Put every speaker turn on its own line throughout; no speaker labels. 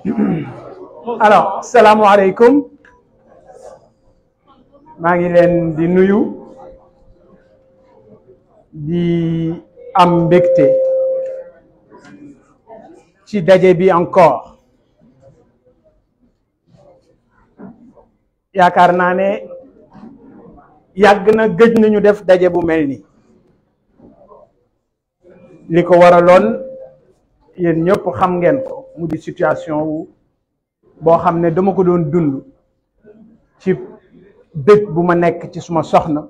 alors salaamaaleykum maa ngi leen di nuyu di am mbégte ci daje bi encore yaakaar naa ne yàgg na gëj nañu def daje bu mel ni li ko waraloon yéen ñépp xam ngeen ko mu di situation wu boo xam ne dama ko doon dund ci dëj bu ma nekk ci suma soxna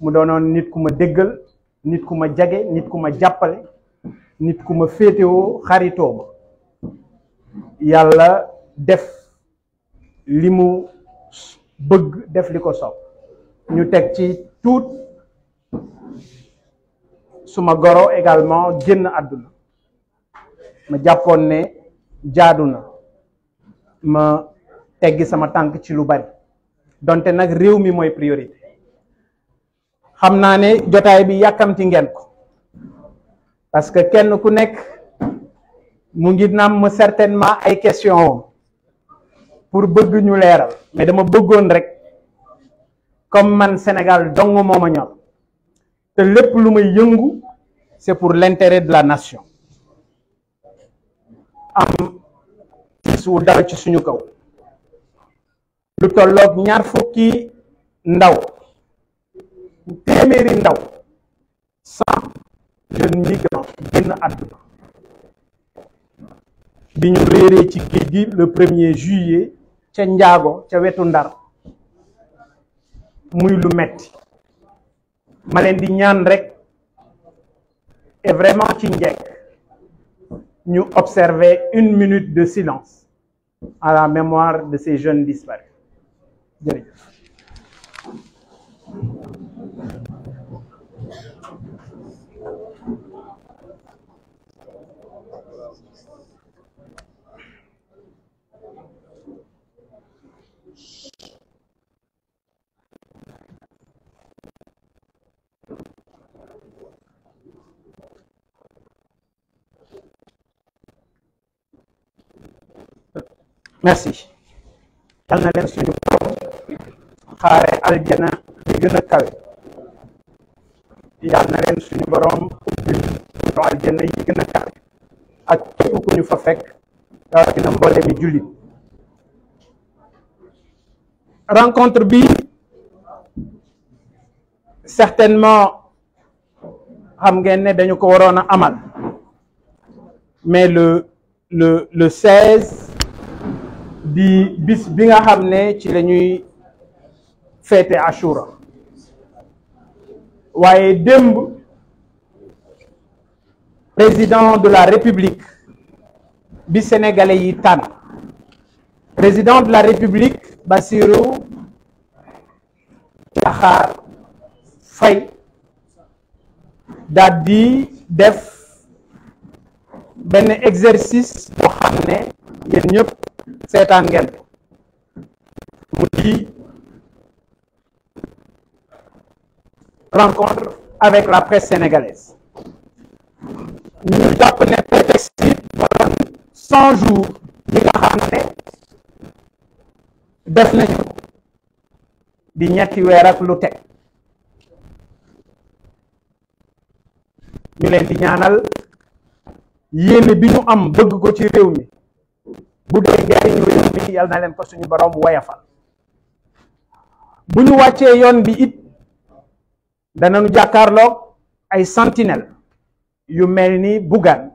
mu doonoon nit ku ma déggal nit ku ma jage nit ku ma jàppale nit ku ma féetewoo xaritoo ba yàlla def li mu bëgg def li ko sow ñu teg ci tuut suma goro également génn àdduna ma jàppoon ne jaadu na ma teggi sama tànk ci lu bari donte nag réew mi mooy priorité xam naa ne jotaay bi yàkkamti ngeen ko parce que kenn ku nekk mu ngi nam ma certainement ay questions pour bëgg ñu leeral mais dama bëggoon rek comme man Sénégal dong moo ma ñor te lépp lu may yëngu c'est pour l'intérêt de la nation am tiis wu dal ci suñu kaw lu tolloog ñaar fukki ndaw téeméeri ndaw cent jeunes migrants génn àdduna bi réeree ci géej gi le premier juillet ca njaago ca wetu ndar muy lu metti ma di ñaan rek et vraiment ci njekk ñu observer une minute de silence à la mémoire de ces jeunes disparus jërëjëf merci yal leen suñu borom xaare aljana li gën kawe yal leen suñu borom ubbi ñu aljana yi kawe ak képp ku fa fekk rawatina mboole mi jullit rencontre bi certainement xam ngeen ne dañu ko waroon a amal mais le le le di bis bi nga xam ne ci lañuy ñuy feete Ashura waaye démb président de la République bi sénégalais yi tànn président de la République Bassirou Diakhar Faye daal di def benn exercice boo xam ne yéen ñëpp seetaan ngeen mu di rencontre avec la presse sénégalaise ñu jàpp ne prétexte yi waroon cent jours nga xam ne def nañu ko di ñetti weer ak lu teg di ñaanal yéene bi ñu am bëgg ko ci réew mi bu dee jariñ réew mi yal na leen ko suñu borom woyafal bu ñu wàccee yoon bi it danañu jàkkaarloog ay sentinelle yu mel ni Bougane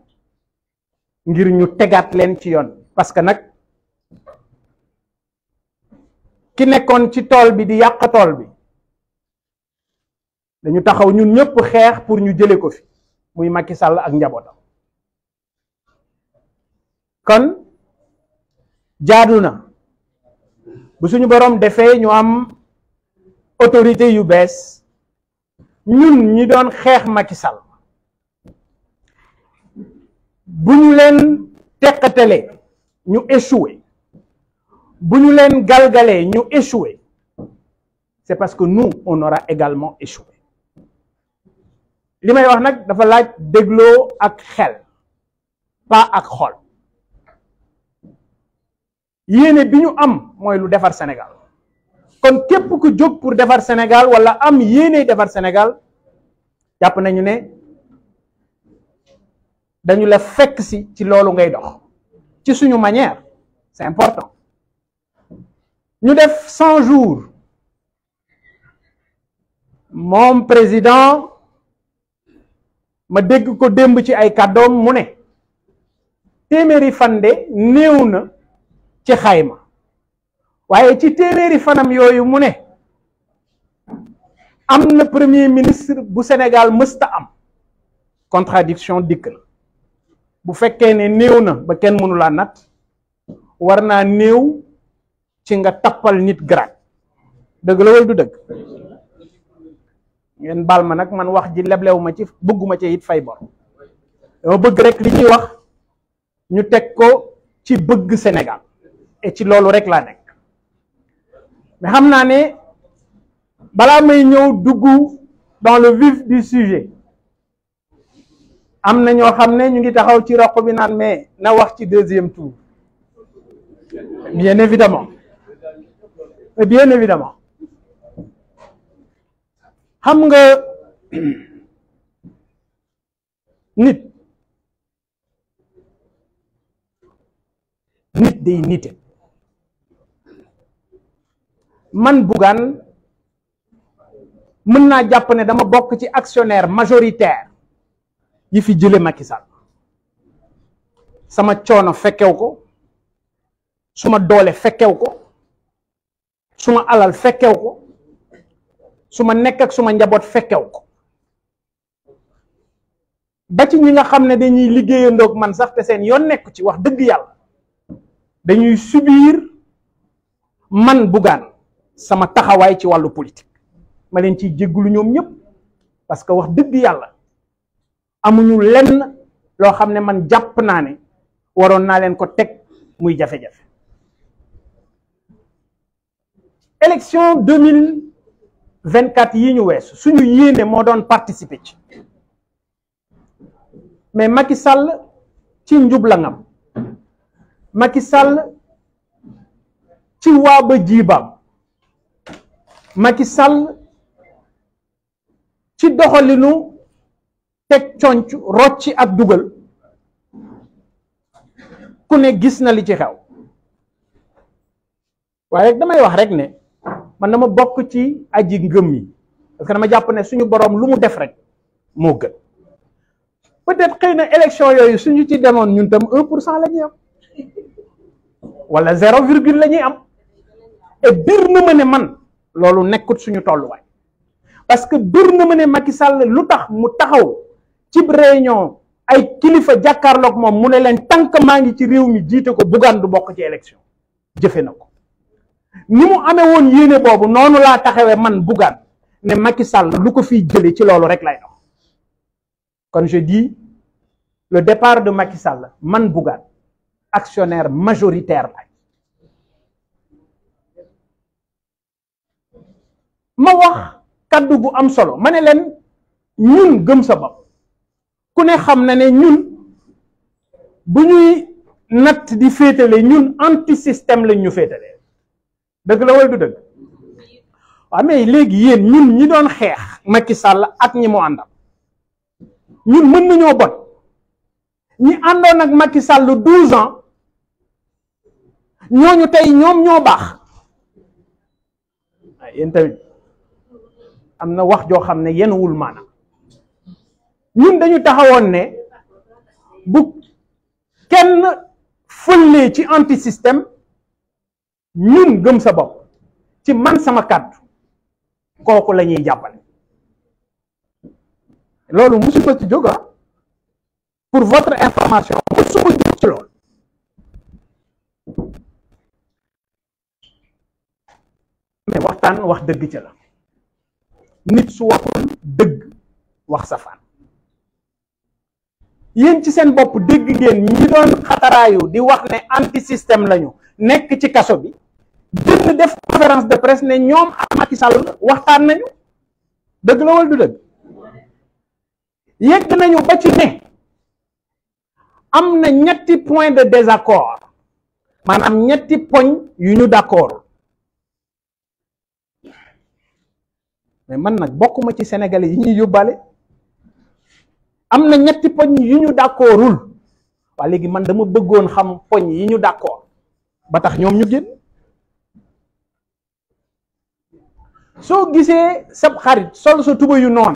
ngir ñu tegaat leen ci yoon parce que nag ki nekkoon ci tool bi di yàq tool bi dañu taxaw ñun ñëpp xeex pour ñu jële ko fi muy Macky sàll ak njabootam kon jaadu na bu suñu borom defee ñu am autorité yu bees ñun ñi doon xeex Macky Sall bu ñu leen teqatale ñu échoué bu ñu leen galgalee ñu échoué c'est parce que nu on aura également échoué li may wax nag dafa laaj dégloo ak xel pas ak xol yéene bi ñu am mooy lu defar Sénégal kon képp ku jóg pour defar Sénégal wala am yéene defar Sénégal jàpp nañu ne dañu la fekk si ci loolu ngay dox ci suñu manière c'est important ñu def cent jours moom président ma dégg ko démb ci ay kàddoom mu ne téeméeri fande néew na ci xayma waaye ci téeméeri fanam yooyu mu ne am na premier ministre bu senegal mësta am contradiction dikk na bu fekkee ne néew na ba kenn mënulaa natt war naa néew ci nga tappal nit garaat dëgg la wala du dëgg ngeen baal ma nag man wax ji leblew ma ci bëgguma ci it fay bor dama bëgg rek li ñuy wax ñu teg ko ci bëgg Sénégal ci loolu rek la nekk mais xam naa ne balaa may ñëw duggu dans le vif du sujet am na ñoo xam ne ñu ngi taxaw ci roq bi naan mais na wax ci deuxième tour bien évidemment bien évidemment xam nga nit nit day nite man Bougane mën naa jàpp ne dama bokk ci actionnaire majoritaire yi fi jële Macky Sall sama coono fekkew ko suma doole fekkew ko suma alal fekkew ko suma nekk ak suma njaboot fekkew ko ba ci ñi nga xam ne dañuy liggéeyandoog man sax te seen yoon nekku ci wax dëgg yàlla dañuy subiir man Bougane sama taxawaay ci wàllu politique ma leen ciy jéggulu ñoom ñëpp parce que wax dëgg yàlla amuñu lenn loo xam ne man jàpp naa ne waroon naa leen ko teg muy jafe-jafe élection 2024 yi ñu weesu suñu yéene moo doon participer ci mais Macky Sall ci njublangam Macky Sall ci ba jiibaam Macky Sall ci doxalinu teg conc rocci ak dugal ku ne gis na li ci xew waaye damay wax rek ne man dama bokk ci aji ngëm yi parce que dama jàpp ne suñu boroom lu mu def rek moo gën peut-être xëy na élection yooyu suñu ci demoon ñun tam un pour cent la ñuy am walla zéro virgule la ñuy am et na ma ne man loolu nekkut suñu tolluwaay parce que bir na ma ne Macky Sall lu tax mu taxaw ci réunion ay kilifa jàkkaarlook moom mu ne leen tànk maa ngi ci réew mi jiite ko Bougane du bokk ci élection jëfe na ko ni mu amee woon yéene boobu noonu laa taxawee man Bougane ne Macky Sall lu ko fiy jële ci loolu rek lay dox kon je dis le départ de Macky Sall man Bougane actionnaire majoritaire la ma wax ah. kaddu gu am solo ma ne leen ñun gëm sa ku ne xam na ne ñun bu ñuy natt di féetale ñun anti système lañ ñu féetale dëgg la wala du dëgg waaw mais léegi yéen ñun ñi doon xeex Macky Sall ak ñi mu àndal ñun mën nañoo bon ñi àndoon ak Macky Sall 12 ans ñooñu tey ñoom ñoo baax ah, yéen tamit. am na wax joo xam ne yenuwul maana ñun dañu taxawoon ne bu kenn fëllee ci anti système ñun gëm sa ci man sama kàddu kooku la ñuy jàppale loolu musuma ci jóga ah. pour votre information musuma jóg ci loolu mais waxtaan wax dëgg ci la nit su waxul dëgg wax safaan yéen ci seen bopp dégg ngeen ñi doon xataraayu di wax ne anti système lañu nekk ci kaso bi génn def conférence de presse ne ñoom ak Macky Sall waxtaan nañu dëgg la wala du dëgg yegg nañu ba ci ne am na ñetti point de désaccord maanaam ñetti poñ yu ñu d'accord mais man nag bokkuma ci sénégalais yi ñuy yóbbaale am na ñetti poñ yu ñu d'accordul waa léegi man dama bëggoon xam poñ yi ñu d'accord ba tax ñoom ñu génn soo gisee sab xarit sol sa tuba yu noon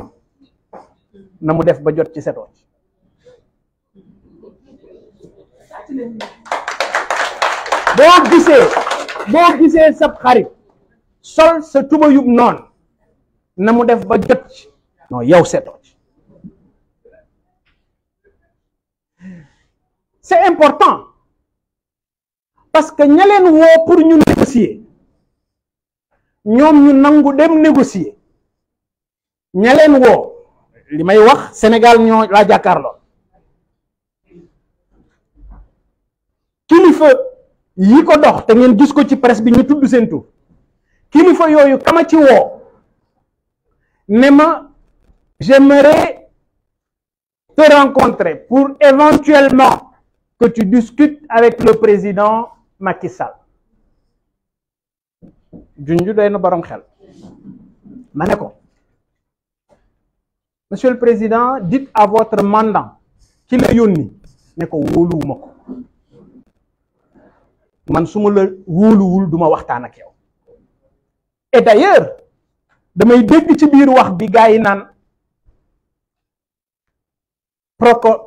na mu def ba jot ci setoo boo gisee boo gisee sab xarit sol sa tuba yu noonu na mu def ba jot ci non yow seetoo ci c'est important parce que ña leen woo pour ñu négocier ñoom ñu nangu dem négocier ña leen woo li may wax Sénégal ñoo laa jàkkaarloo kilifa yi ko dox te ngeen gis ko ci presse bi ñu tudd seen tur kilifa yooyu kama ci woo ne ma j'aimerais te rencontrer pour éventuellement que tu discutes avec le président Macky Sall junju doy na borom xel ma ne ko monsieur le président dites à votre mandant ki la yónni ne ko wóoluwuma ko man suma ma la wóoluwul duma waxtaan ak yow et d'ailleurs damay dégg ci biir wax bi gaa yi naan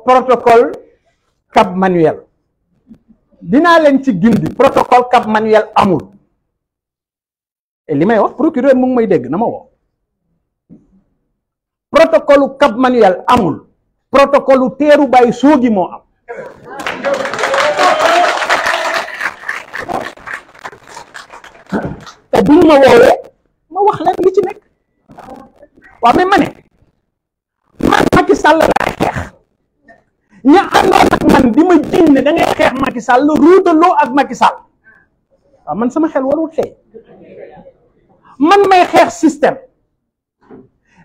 protocole Cap Manuel dinaa leen ci gindi protocole Cap Manuel amul li may wax procureur mu ngi may dégg na ma woo protocole Cap Manuel amul protocole teeru bàyyi soogi moo am te bu ñu ma woowee ma wax leen li ci nekk waaw mais ma ne man Macky Sall laa xeex ña àndoon ak man di ma jiñ ne da xeex Macky Sall ruutaloo ak Macky Sall man sama xel warul tey man may xeex système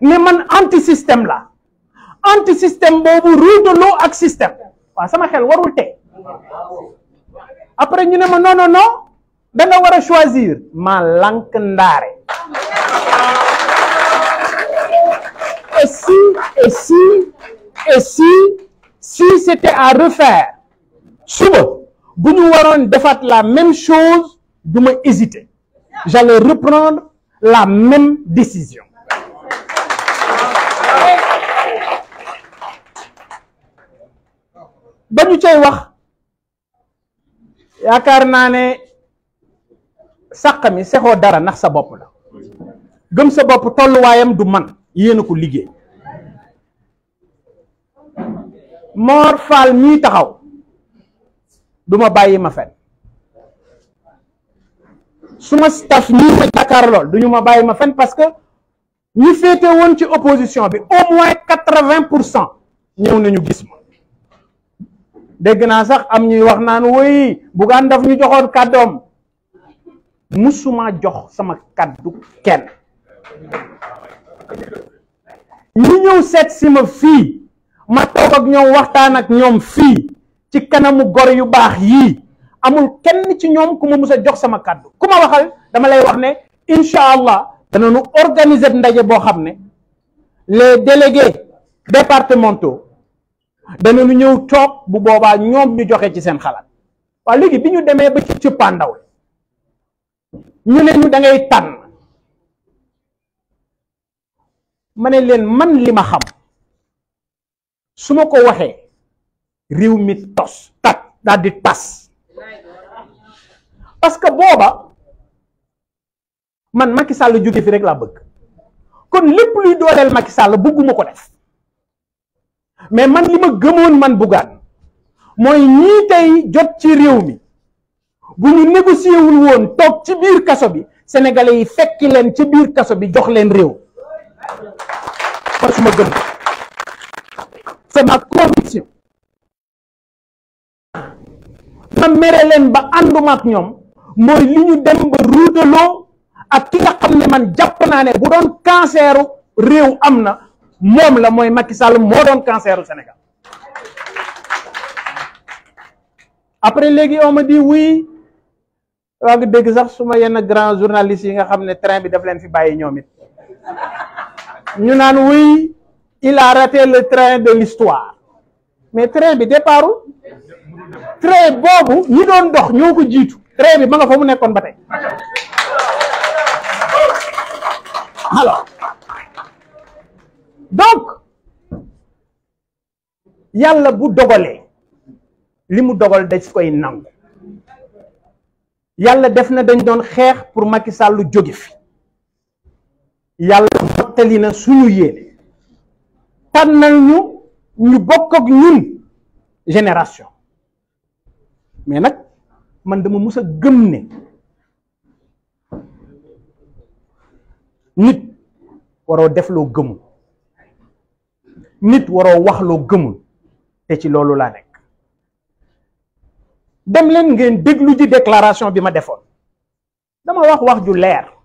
ne man anti système la anti système boobu ruutaloo ak système waaw sama xel warul tey après ñu ne ma non non non da nga choisir ma lank ndaare. et si, et si, et si, si c'était à refaire, suba, bu ñu waroon defaat la même chose, du ma hésiter. J'allais reprendre la même décision. ba ñu cay wax yaakaar naa ne sàq mi sexoo dara ndax sa bopp la gëm sa bopp tolluwaayam du man yéen ko liggéey Mor Fall mii taxaw duma bàyyi ma fen suma staff ñii ma jàkkaar lool duñu ma bàyyi ma fen parce que ñu féete ci opposition bi au moins quatre-vingt pour cent ñëw nañu gis ma dégg naa sax am ñuy wax naan woy Bougane daf ñu joxoon kàddoom musuma jox sama kàddu kenn ñi ñëw seet si ma fii ma toog ak ñoom waxtaan ak ñoom fii ci kanamu gor yu baax yii amul kenn ci ñoom ku ma mus a jox sama kàddu ku ma waxal dama lay wax ne incha allah dana danañu organiser ndaje boo xam ne les délégués départementaux danañu ñëw toog bu boobaa ñoom ñu joxe ci seen xalaat waaw léegi bi ñu demee ba ci cëppaandaw ñu ne ñu da ngay tànn ma leen man li ma xam su ma ko waxee réew mi tos tat daal di tas parce que booba man Macky Sall jóge fi rek laa bëgg kon lépp luy dooleel Macky Sall bëgguma ko def mais man li ma gëmoon man Bougane mooy ñii jot ci réew mi bu ñu négocié wul woon toog ci biir kaso bi sénégalais yi fekki leen ci biir kaso bi jox leen réew mooy suma gëm c'est ma mere leen ba ànduma ñoom mooy li ñu dem ba ruutaloo ak ki nga xam ne man jàpp naa ne bu doon canceru réew am na moom la mooy Macky Sall moo doon canceru Sénégal après léegi on m'a dit oui waa ngi dégg sax suma yenn grand journaliste yi nga xam ne train bi daf leen fi bàyyi ñoom it ñu naan oui il rate raté le train de l'histoire mais train bi départu train boobu ñi doon dox ñoo ko jiitu train bi ma nga fa mu nekkoon ba donc yàlla bu dogalee li mu dogal daf koy nangu yàlla def na dañ doon xeex pour Macky sàllu jóge fi yàlla mottali na suñu yéene tànnal ñu ñu bokk ak ñun génération mais nag man dama mus a gëm ne nit waroo def loo gëmul nit waroo wax loo gëmul te ci loolu laa nekk dem leen ngeen déglu ji bi ma defoon dama wax wax ju leer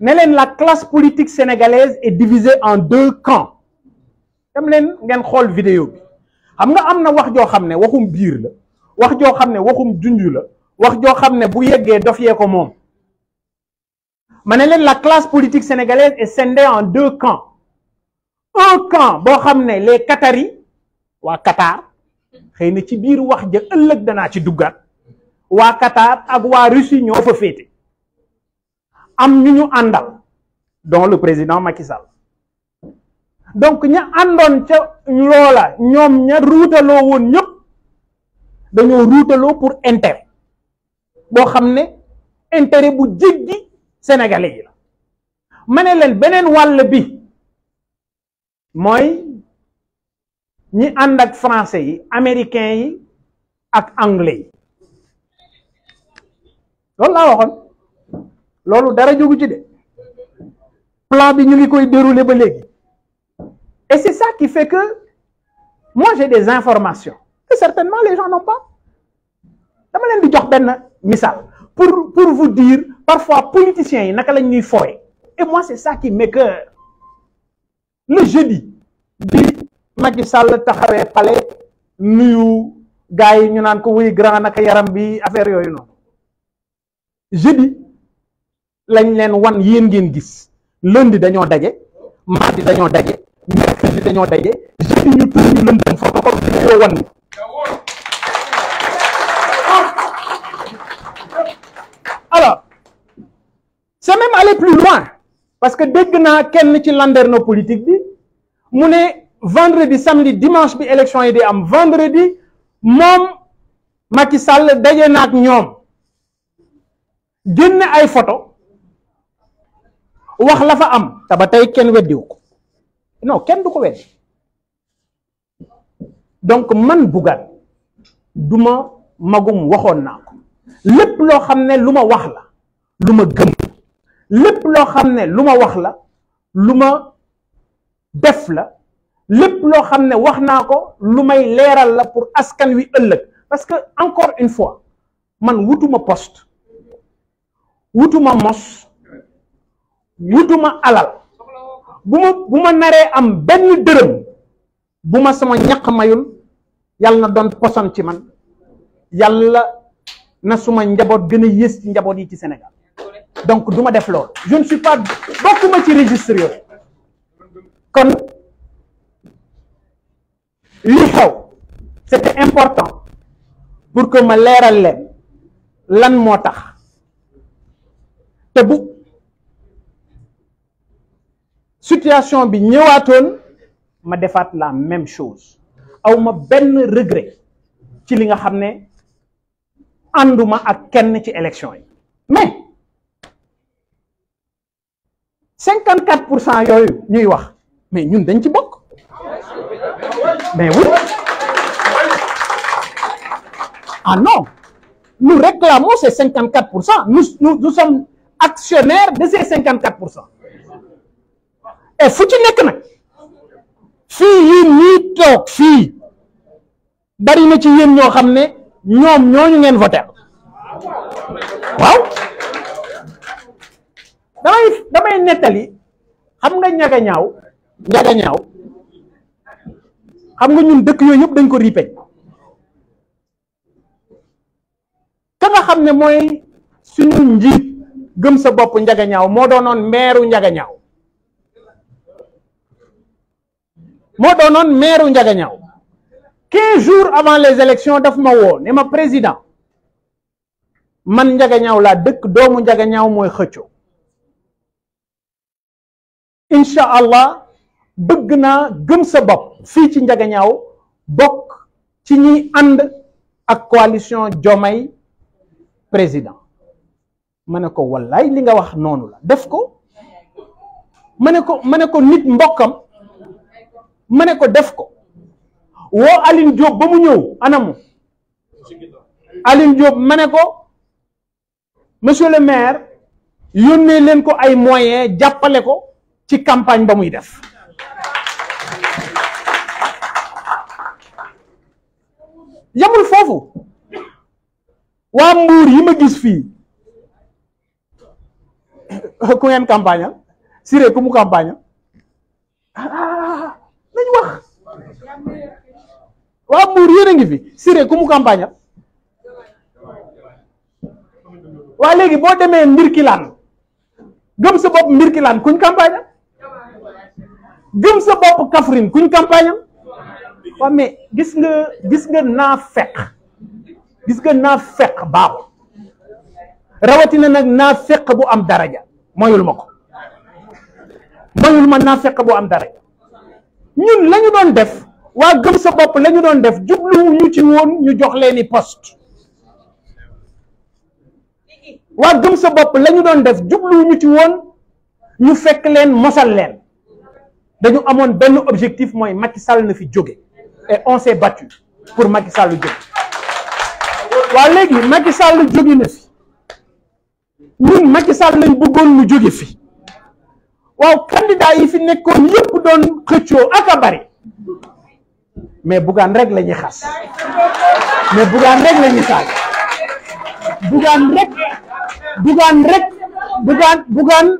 ne leen la classe politique sénégalaise est divisée en deux camps dem leen ngeen xool vidéo bi xam nga am na wax joo xam ne waxum biir la wax joo xam ne waxum junj la wax joo xam ne bu yeggee dof yee ko moom ma ne leen la classe politique sénégalaise est scindée en deux camps un camp boo xam ne les Qataris waa Qatar xëy na ci biir wax ja ëllëg danaa ci duggaat waa Qatar ak waa Russie ñoo fa féete am ñu ñu àndal donc le président Macky Sall donc ña àndoon ca loola ñoom ña ruutaloo woon ñëpp dañoo ruutaloo pour intérêt boo xam ne intérêt bu jéggi sénégalais yi la ma leen beneen wàll mooy ñi ànd ak français yi américains yi ak anglais yi loolu laa waxoon loolu dara jógu ci de plan bi ñu ngi koy dérouler ba léegi et c'est ça qui fait que moi j'ai des informations que certainement les gens n'ont pas dama di jox benn misaal pour pour vous dire parfois politiciens yi naka lañ ñuy fowe et moi c'est ça qui m'écoeure le jeudi bi Macky Sall taxawee palais nuyu gars yi ñu naan ko wuy grand naka yaram bi affaire yooyu noonu jeudi lañ leen wan yéen ngeen gis lundi dañoo daje mardi dañoo daje mercredi dañoo daje jeudi ñu tuur ñu lëndëm foofu comme si ñu wan alors c'est même aller plus loin parce que dégg naa kenn ci landerneau politique bi mu ne vendredi samedi dimanche bi élection yi di am vendredi moom Macky Sall daje na ak ñoom génn ay photo wax la fa am te tey kenn weddiwu ko non kenn du ko weddi donc man Bougane du ma magum waxoon naa ko lépp loo xam ne lu ma wax la lu ma gëm lépp loo xam ne lu ma wax la lu ma def la lépp loo xam ne wax naa ko lu may leeral la pour askan wi ëllëg parce que encore une fois man wutuma post wutuma mos wutuma alal bu ma bu ma naree am benn dërëm bu ma sama ñaq mayul yal na doon poson ci man yàlla na suma njaboot gën a yées ci njaboot yi ci Sénégal donc du ma def lool je ne suis pas bokkuma ci registre yooyu kon li xew c'était important pour que ma leeral leen lan moo tax te bu situation bi ñëwaatoon ma defaat la même chose aw ma benn regret ci li nga xam ne ànduma ak kenn ci élection yi mais cinquante quatre pour cent yooyu ñuy wax mais ñun dañ ci bokk mais oui ah non nous réclamons ces cinquante quatre pour cent nous nous sommes actionnaires de ces cinquante quatre pour cent et eh, fu ci nekk nag fii yi nii toog fii bari na ci yéen ñoo xam ne ñoom ñooñu ngeen voter waaw damay damay nettali xam nga ñaga ñaaw ñaga ñaaw xam nga ñun dëkk yooyu yëpp dañ ko riipeñ ka nga xam ne mooy suñu njiit gëm sa bopp njaga ñaaw moo doonoon meeru njaga ñaaw moo doonoon maire Ndiaganiao quinze jours avant les élections daf ma woo ne ma président man Ndiaganiao laa dëkk doomu Ndiaganiao mooy xëccoo incha allah bëgg naa gëm sa bopp fii ci Ndiaganiao bokk ci ñiy ànd ak coalition Diomaye président ma ne ko wallaay li nga wax noonu la def ko ma ne ko ma ne ko nit mbokkam ma ne ko def ko woo Aline Diop ba mu ñëw anamu Aline Diop ma ne ko monsieur le maire yonne leen ko ay moyen jàppale ko ci campagne ba muy def yamul foofu waa mbuur yi ma gis fii ku ngeen campagne al Siré ku mu campagne lañ wax waa Mbour yéen a ngi fi Siré ku mu campagne waa léegi boo demee Mbirkilaan gëm sa bopp Mbirkilaan kuñ campagne gëm sa bopp Kaffrine kuñ campagne am waaw gis nga gis nga naa fekk gis nga naa fekk baaxul rawatina nag naa fekk bu am daraja moyul ma ko moyul ma naa fekk bu am daraja ñun la ñu doon def waa gëm sa bopp la doon def jubluwu ñu ci woon ñu jox leen i poste waa gëm sa bopp la doon def jubluwu ñu ci woon ñu fekk leen mosal leen dañu amoon benn objectif mooy Macky Sall na fi jóge et on battu pour Macky Sall jóge waa léegi Macky Sall jóge na fi ñun Macky Sall lañ bëggoon mu jóge fi waaw candidat yi fi nekkoon yëpp doon xëccoo ak a bari mais Bougane rek la ñuy xas mais Bougane rek la ñuy saag rek Bougane rek Bougane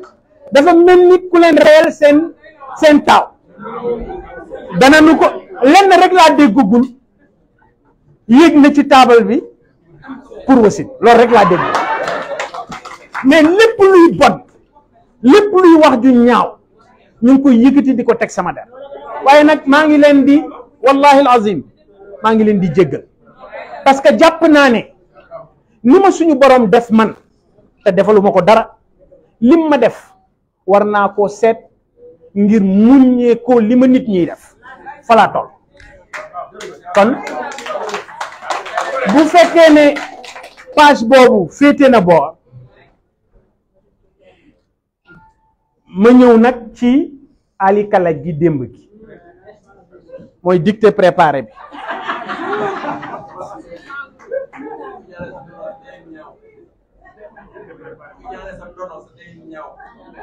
dafa mel ni ku leen reyal seen seen taaw dana nu ko lenn rek laa déggugul yéeg na ci taabal bi pour wasin loolu rek laa dégg mais lépp luy bon lépp luy wax ju ñaaw ñu ngi koy yëkkati di ko teg sama der waaye nag maa ngi leen di wallahi alazim maa ngi leen di jéggal parce que jàpp naa ne ni ma suñu borom def man te defaluma ko dara lim ma def war naa koo seet ngir muññee ko li ma nit ñiy def falaatool kon bu fekkee ne page boobu féete na boor ma ñëw nag ci alikala gi démb gi mooy dicté préparé bi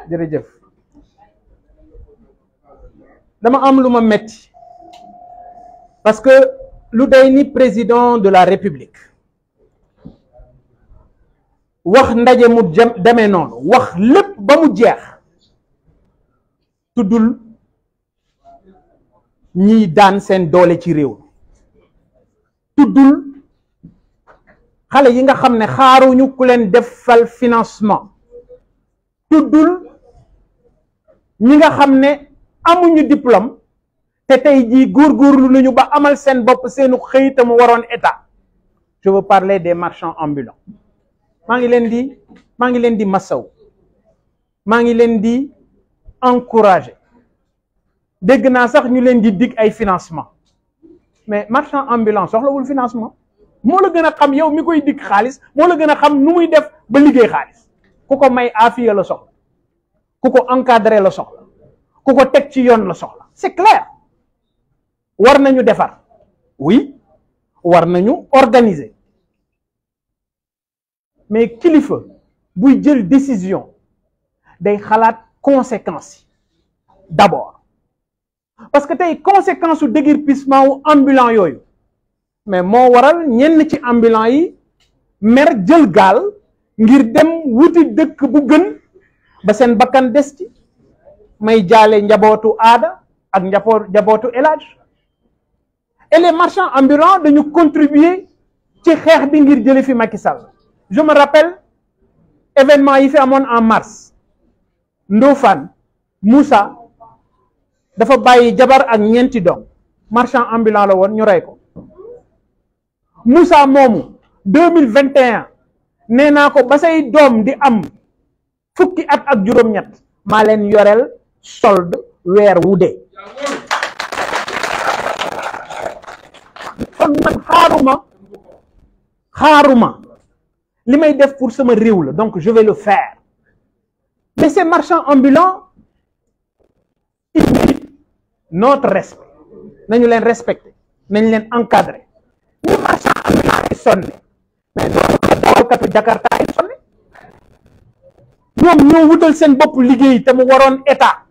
jërëjëf dama am lu ma metti parce que lu day ni président de la république wax ndaje mu demee noonu wax lépp ba mu jeex tuddul ñiy daan seen doole ci réew tuddul xale yi nga xam ne xaaruñu ku leen defal financement tuddul ñi nga xam ne amuñu diplôme te tey jii góorgóorlu nañu ba amal seen bopp seenu xëy te mu waroon état je veux parler des marchands ambulants maa ngi leen di maa ngi leen di masaw maa ngi leen di encouragé dégg naa sax ñu leen di dig ay financement mais marchand ambulant soxlawul financement moo la gën a xam yow mi koy dig xaalis moo la gën a xam nu muy def ba liggéey xaalis ku ko may aafiya la soxla ku ko encadré la soxla ku ko teg ci yoon la soxla c'est clair war nañu defar oui war nañu organise mais kilifa buy jël décision day xalaat conséquences yi d'abord parce que tey conséquence su déguerpissement u ambulant yooyu mais moo waral ñenn ci ambulant yi mer jël gaal ngir dem wuti dëkk bu gën ba seen bakkan des ci may jaale njabootu aada ak njabootu njabootu élage et les marchands dañu contribuer ci xeex bi ngir jële fi Macky Sall je rappelle événement yi fi amoon en mars Ndofane Moussa dafa bàyyi jabar ak ñeenti doom marchand ambulant la woon ñu rey ko Moussa moomu deux mille vingt et nee naa ko ba say doom di am fukki at ak juróom-ñett maa leen yoreel sold weer wu de kon man xaaruma xaaruma li may def pour sama réew la donc je vais le faire Mais ces marchands ambulants, ils méritent notre respect. Nous les respecter, nous les encadrer. Les marchands ambulants, ils sont Mais nous, Jakarta, ils sont ñoom ñoo wutal seen boppu liggéey te mu waroon état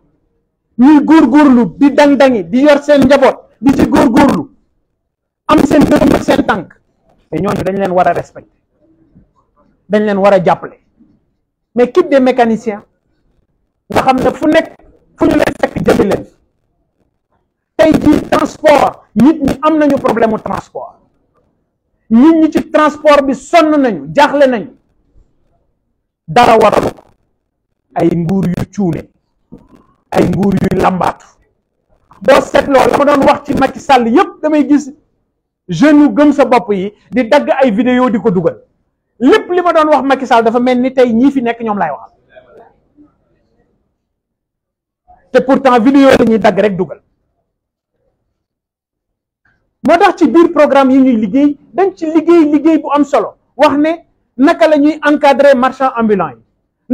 ñuy góorgóorlu di dang-dangi di yor seen njaboot di ci góorgóorlu am seen dërëm seen tànk te ñooñu dañ leen war a respecter dañ leen war a jàppale mais kit de mécaniciens nga xam ne fu nekk fu ñu leen fekk jëmi leen tey jii transport nit ñi am nañu problème mu transport nit ñi ci transport bi sonn nañu jaaxle nañu dara waralu ko ay nguur yu cuune ay nguur yuy làmbaatu boo seetloo la ma doon wax ci Macky Sall yépp damay gis jeunes yu gëm sa bopp yi di dagg ay vidéo di ko dugal lépp li ma doon wax Macky Sall dafa mel ni tey ñii fi nekk ñoom laay waxal te pourtant vidéo la ñuy dagg rek dugal moo tax ci biir programme yi ñuy liggéey dañ ci liggéey liggéey bu am solo wax ne naka la ñuy encadrer marchand ambulant yi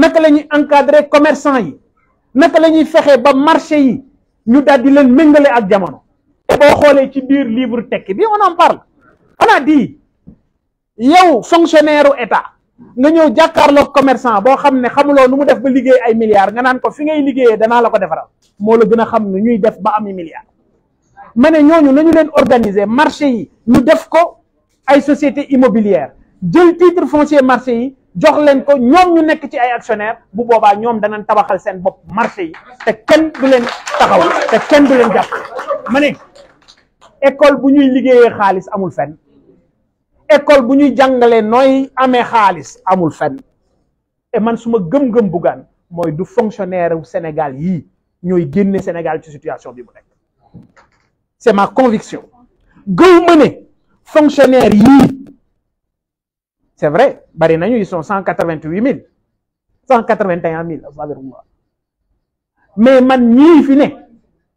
naka la ñuy encadrer commerçant yi naka lañuy fexe ba marché yi ñu daal di leen méngale ak jamono. te boo xoolee ci biir libre tekki bi on en parle on a dit yow fonctionnaire état. nga ñëw jàkkaarloog commerçant boo xam ne xamuloo nu mu def ba liggéey ay milliards nga naan ko fi ngay liggéeyee danaa la ko defaral moo la gën a xam nu ñuy def ba ami milliards ma ne ñooñu nañu leen organiser marché yi ñu def ko ay société immobilière jël titre foncier marché yi jox leen ko ñoom ñu nekk ci ay actionnaire bu boobaa ñoom danañ tabaxal seen bopp marché yi te kenn du leen taxaw te kenn du leen jàpp ma ne école bu ñuy liggéeyee xaalis amul fenn école bu ñuy jàngalee nooy amee xaalis amul fenn et man suma gëm-gëm buggaan mooy du fonctionnaire wu Sénégal yii ñooy génne Sénégal ci situation bi mu nekk c'est ma conviction gëw ma ne fonctionnaire yii c'est vrai bari nañu ils sont cent quatre-vingt-huit mille cent quatre-vingt-un mais man ñii fi ne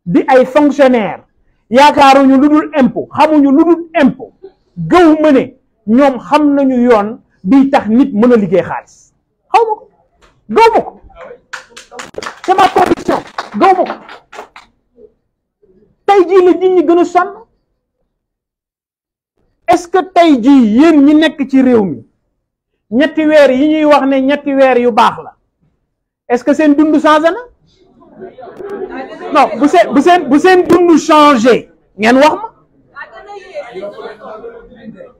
di ay fonctionnaire yaakaaruñu lu dul impôt xamuñu lu dul impôt gëw ma ñoom xam nañu yoon biy tax nit mën a liggéey xaalis xaw ma ko gaw ma ko c'est ma conviction gaw ma ko tey jii la nit ñi gën a sonn est-ce que tey jii yéen ñi nekk ci réew mi ñetti weer yi ñuy wax ne ñetti weer yu baax la est-ce que seen dund changé na non bu seen bu seen bu seen dund changé ngeen wax ma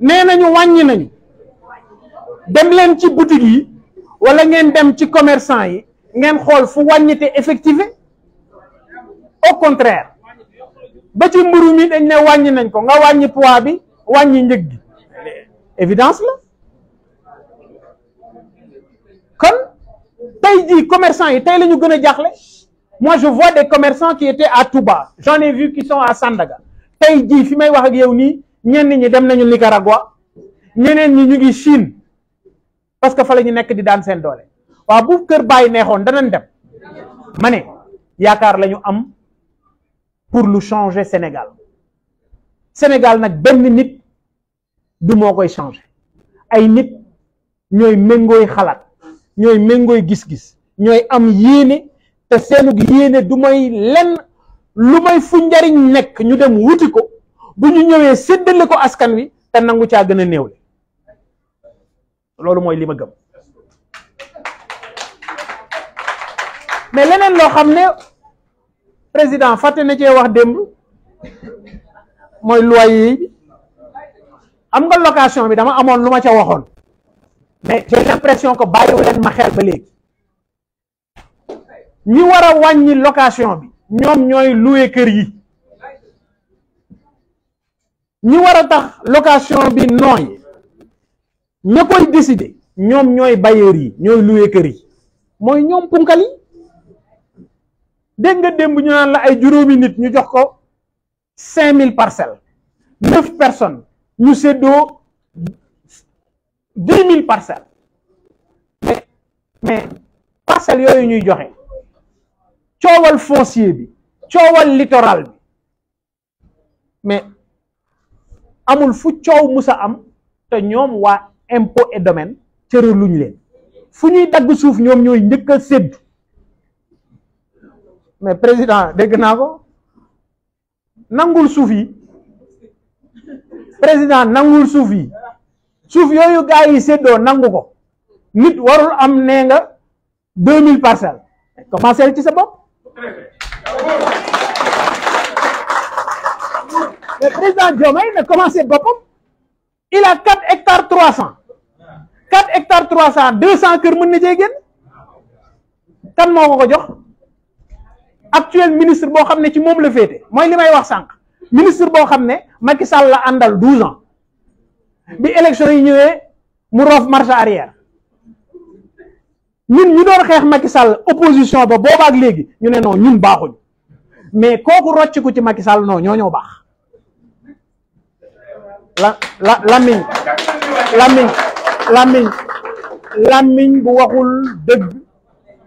nee nañu wàññi nañ dem leen ci boutique yi wala ngeen dem ci commerçant yi ngeen xool fu wàññite effective au contraire ba ci mburu mi dañ ne wàññi nañ ko nga wàññi poids bi wàññi njëg gi évidence la kon tey jii commerçant yi tey la ñu gën a jaaxle moi je vois des commerçants qui étaient à Touba j'en ai vu qui sont à Sandaga tey jii fi may wax ak yow nii ñenn ñi dem nañu Nicaragua ñeneen ñi ñu ngi Chine parce que fa la ñu nekk di daan seen doole waaw bu kër bàyyi neexoon danañ dem ma ne yaakaar lañu am pour lu changer Sénégal Sénégal nag benn nit du moo koy changer ay nit ñooy méngooy xalaat ñooy méngooy gis-gis ñooy am yéene te seenug yéene du may lenn lu may fu njariñ nekk ñu dem wuti ko bu ñu ñëwee séddale ko askan wi te nangu caa gën a néew néewle loolu mooy li ma gëm mais leneen loo xam ne président fatte na cee wax démb mooy loyer yi am nga location bi dama amoon lu ma ca waxoon mais j'ai l'impression que bàyyiwu leen ma xel ba léegi ñi wara wàññi location bi ñoom ñooy louer kër yi ñi war a tax location bi nooy ña koy décider ñoom ñooy bailleur yi ñooy loué kër yi mooy ñoom punkal dégg nga démb ñu naan la ay juróomi nit ñu jox ko cinq mille parcelles neuf personnes ñu séddoo dix mille parcelles mais mais parcelles yooyu ñuy joxe coowal foncier bi coowal littoral bi mais amul fu coow musa am te ñoom waa impôt et domaine cëraluñ leen fu ñuy dagg suuf ñoom ñooy njëkk a séddu mais président dégg naa ko nangul suuf yi président nangul suuf yi suuf yooyu gaa yi séddoo nangu ko nit warul am nee nga deux mille parcelles commencé ci sa bopp mais président Diomaye na commencé boppam il a quatre hectares trois cent quatre hectares trois cent deux cent kër mën na cee génn kan moo ko ko jox actuel ministre boo xam ne ci moom la féete mooy li may wax sànq ministre boo xam ne Macky Sall la àndal douze ans bi élection yi ñëwee mu roof marche arrière ñun ñu doon xeex Macky Sall opposition ba boobaak léegi ñu ne non ñun baaxuñ mais kooku rocc ko ci Macky Sall non ñoo ñoo baax la la làmmiñ làmmiñ làmmiñ làmmiñ bu waxul dëgg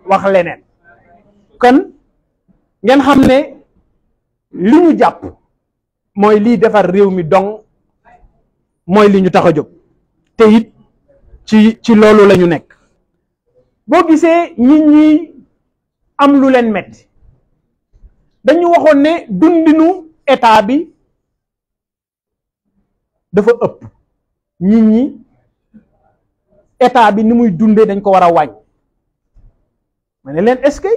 wax leneen kon ngeen xam ne li ñu jàpp mooy liy defar réew mi dong mooy li ñu tax a jóg te it ci ci loolu la ñu nekk boo gisee nit ñi am lu leen metti dañu waxoon ne dundinu état bi dafa ëpp nit ñi état bi ni muy dundee dañ ko war a wàññi ma ne leen est-ce que